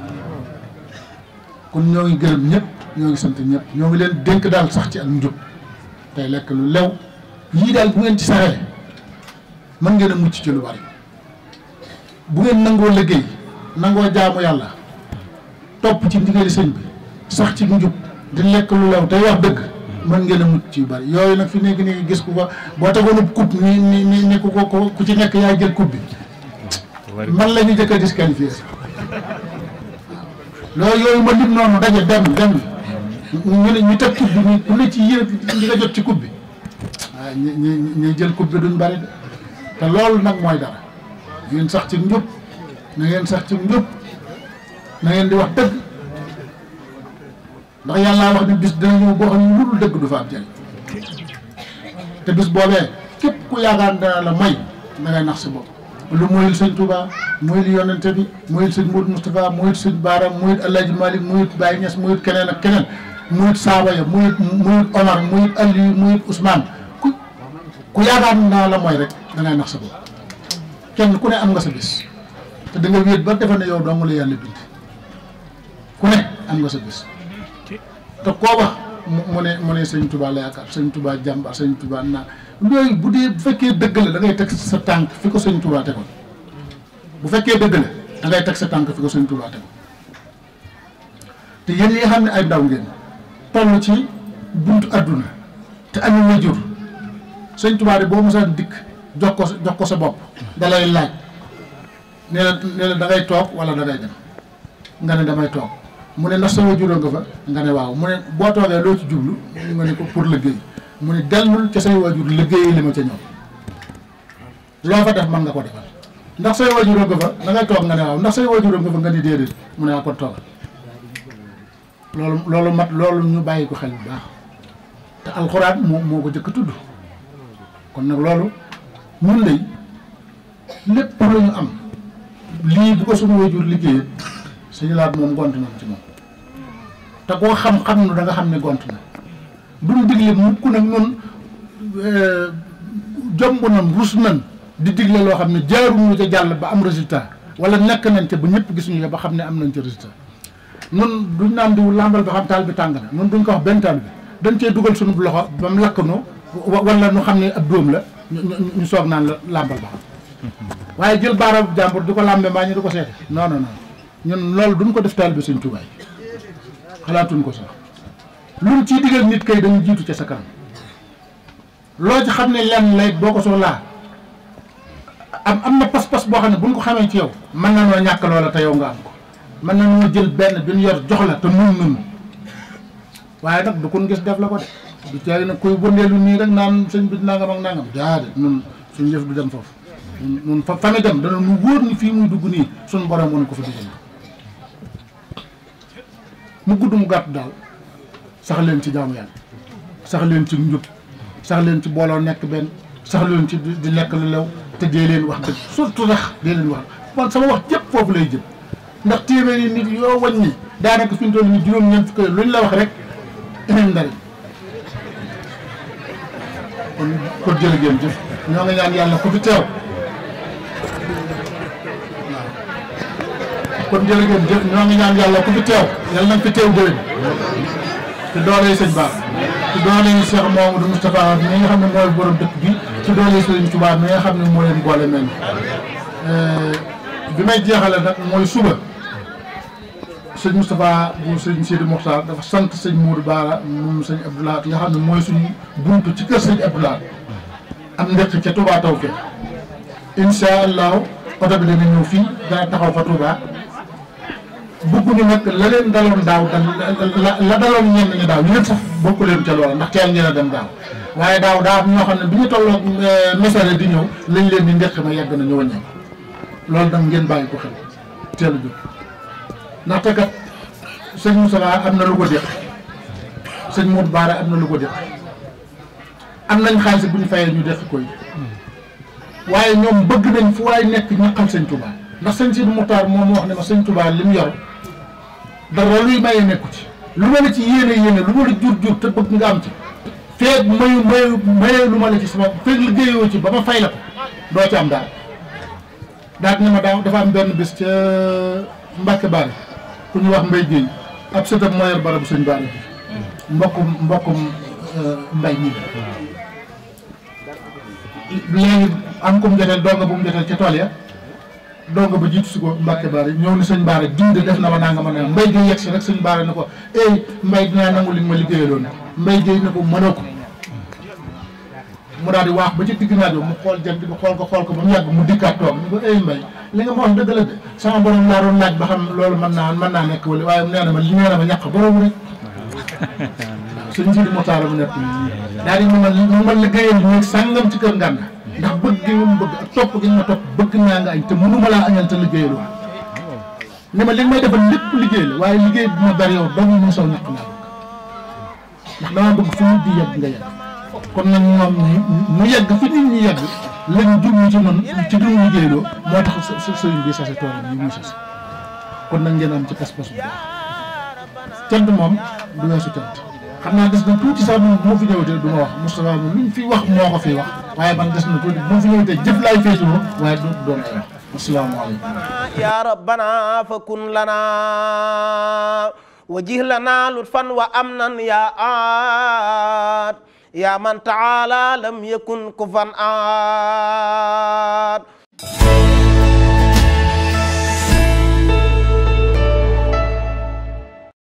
S12: kon ñoo ngi gërëm ñëpp ñoo ngi sant ñëpp ñoo ngi leen dénk daal sax ci ak njub tey lekk lu lew lii daal bu ngeen ci saxee mën ngeen a mucc ci lu bari bu ngeen nangoo liggéey nangoo jaamu yàlla topp ci ndigali sëñ bi sax ci njub di lekk lu lew te wax dëgg mën ngeen a ci yu bari yooyu nag fi nekk nii gis ku ko boo tegoonub coupe ni ni ni ni ku ko ku ci nekk yaay jël coupe bi man la ñu njëkk a disqualifié loolu ma lim noonu daje dem dem ñu ne ñu teg coupe bi ñu ku ne ci yéen ñi jot ci coupe bi waaw ñu ñu ñuy jël coupe bi duñ bari de te loolu nag mooy dara ngeen sax ci njub na ngeen sax ci njub na ngeen di wax dëgg ndax yàllaa wax ni bis dina ñëw boo xam ne lu dul dëgg du fa am jëriñ te bis boobee képp ku yaakaar dana la may na ngay nax si bopp lu mooyul sëñ Touba mooyul yonente bi mooyul sëñ Mourou Moustapha mooyul sëñ Baara mooyul El Hadj Malick mooyul Baye Niass mooyul keneen ak keneen mooyul Saaba ya mooyul mooyul Omar mooyul Aliou mooyul Ousmane ku ku yaakaar naa la mooy rek da ngay nax sa bopp kenn ku ne am nga sa bis te da nga wéet ba defe ne yow dong la yàlla bind. ku ne am nga sa bis te koo wax mu ne mu ne sëñ Touba la yaakaar sëñ tubaa jàmbar sëñ Touba naa loolu bu dee bu fekkee dëgg la da teg sa tànk fi ko sëñ Touba tegoon bu fekkee dëgg la teg sa tànk fi ko sëñ Touba tegoon te yéen yi xam ne ay ndaw ngeen toll ci buntu adduna te añu la jur sëñ Touba de boo mosaan dikk jox ko jox ko sa bopp da lay laaj nee na nee na da toog wala da dem nga ne damay toog. mu ne ndax sama juróom nga fa nga ne waaw mu ne boo toogee loolu ci jublu nga ne ko pour liggéey mu ne dellul ca say waajur liggéey li ma ca ñoom loo fa def mën nga ko defal ndax say waajur nga fa da ngay toog nga ne waaw ndax say waajur nga fa nga déedéet mu ne waa ah, kon toogal loolu loolu mat loolu ñu bàyyi ko xel bu baax te alxuraan moo moo ko jëkk tudd kon nag loolu mun lay lépp lu ñu am lii bu ko suñu waajur liggéeyee suñu laat moom gont nañ ci moom te koo xam-xam nu danga xam ne gont na duñ digle mukk nag nun eh, jomb nan rus nan di digle loo xam ne jaaruñu ca jàll ba am résultat wala nekk nañ ca ba ñëpp gisuñu ñu ca ba xam ne am nañ ca résultat nun duñ naan diw làmbal ba xam taal bi tàng na nun duñ ko wax benn taal bi dañ cee dugal suñu loxo ba mu lakk nu wala nu xam ne ab dóom la ñu soog naan la làmbal ba xam waaye jël baaraabu jàmbur di ko làmbe mbaa ñu ko seete non ñun loolu duñ ko def taalibe Sëñ Tuubaa yi xalaatuñ ko sax luñ ci digal nit kay dañu jiitu ca sa kanam ci xam ne lenn lay boo ko laa am am na pas-pas boo xam ne buñ ko xamee ci yow mën na noo ñàkk loola te yow nga am ko mën na noo jël benn bi ñu yor jox la te nun nun waaye nag du kun gis def la ko de du tey nag kuy wëndeelu nii rek naan sëñ bi nangam ak nangam daade nun suñ jëf du dem foofu nun fa fa dem dana nu wóor ni fii muy dugg nii suñ borom mënu ko fa mu gudd mu gàtt daal sax leen ci jaamu yàlla sax leen ci njub sax leen ci booloo nekk benn sax leen ci di lekk lu te dee leen wax dëgg surtout sax dee leen wax man sama wax jëpp foofu lay jëm ndax téeméeri nit yoo wàññi daanaka fi ñu toll nii juróom-ñeent fukki luñ la wax rek inañ ndari kon geen jërëjëf ñoo ngi ñaan yàlla ko fi teew kon jërë ngeen jëf ñoo ngi ñaan yàlla ku fi teew yàlla nañ fi teew déwén
S6: ci doole sëñ Ba
S12: ci doole Cheikh Mamadou Moustapha mi nga xam ne mooy borom dëkk bi ci doole Sëriñ Touba mi nga xam ne moo leen boole mel bi may jeexale nag mooy suba sëñ Moustapha bu sëñ Sidi Mokhtar sant sëñ Mourou Baara moom sëñ Abdoulaye nga xam ne mooy suñu buntu ci kër sëñ Abdoulaye am ndëkk ca Touba Tawfekh incha allahu oto bi dana ñëw fii dana taxaw fa Touba bëgguñu nag la leen daloon daaw la daloon ñenn ñi daaw ñu nit sax bokku leen ca loola ndax teel ngeen a dem daaw waaye daaw daa am ñoo xam ne bi ñu tolloo euh, mesare di ñëw lañ leen di njëkk ma yegg na ñu wàññi loolu dam ngeen bàyyi ko xel teel a jóg ndaxte kat sëñ Moussa am na lu ko déq sëñ Modou Bara am na lu ko déq nañ xaalis bu ñu fayee ñu déq koy waaye ñoom bëgg nañ fu waay nekk ñaqal sëñ Touba ndax sëñ Sidi Moutar moom mu wax ne ma sëñ Touba li mu yor dara luy maye nekku ci lu ma la ci yéene yéene lu ma la jur jur te bëgg nga am ci feeg mayu mayu maye lu ma la ci sama feeg liggéeyoo ci ba ma fay la ko doo ci am daal daal ne ma daaw dafa am benn bis ca Mbàkke Baari ku ñu wax Mbay Géey ab sëtam moo barabu sëñ Baari bi mbokkum mbokkum euh, mbay ñii léegi am ko mu joteel doo nga bu mu joteel ca tool ya donga ba jiitu si ko Mbàkke Baari ñëw ni sëñ Baari diinde def na ma naa nga ma ne mbay gi yegg si rek sëñ Baari na ko ey mbay dinaa nangu li ma liggéeyaloon mbay gi na ko mënoo ko mu daal di waax ba ci digg naajo xool jant bi xool ko xool ko ba mu mu dikkaat toog mbay li nga ma wax sama borom laa doon ba xam loolu mën naa mën naa nekk wala waaye na ma li nee na ma ñàkk borom rek sëñ Sidi Moutaara mu nekk daal di mu man mu man liggéeyal ñu sàngam ci kër Nganda ndax bëgg gi ma bëgg ak topp gi topp bëgg naa nga añ te mënuma laa añal te liggéeyal waa ma li may defal lépp liggéey la waaye liggéey bi ma bari yow doomu mu sol ñàkk naa bëgg ndax dama bëgg fi nit di yegg nga yegg kon nag ñoom ñi mu yegg fi nit ñi yegg lañ jublu ci noonu ci dum liggéeyloo moo tax sëriñ bi sase toolam yi muy sase kon nag ngeen am ci pas-pas bu baax cant moom du weesu cant xam naa des na tuuti sax moom bu ma fi ñëwatee du ma wax Moustapha moom lu ñu fi wax moo ko fi wax waaye man des na tuuti bu ma fi ñëwatee jëf laay feetu ma waaye
S1: du doon ay wax asalaamaaleykum ya rabbana fa kun lana wa jih lana lutfan wa amnan ya aat ya man taala lam yakun kufan aat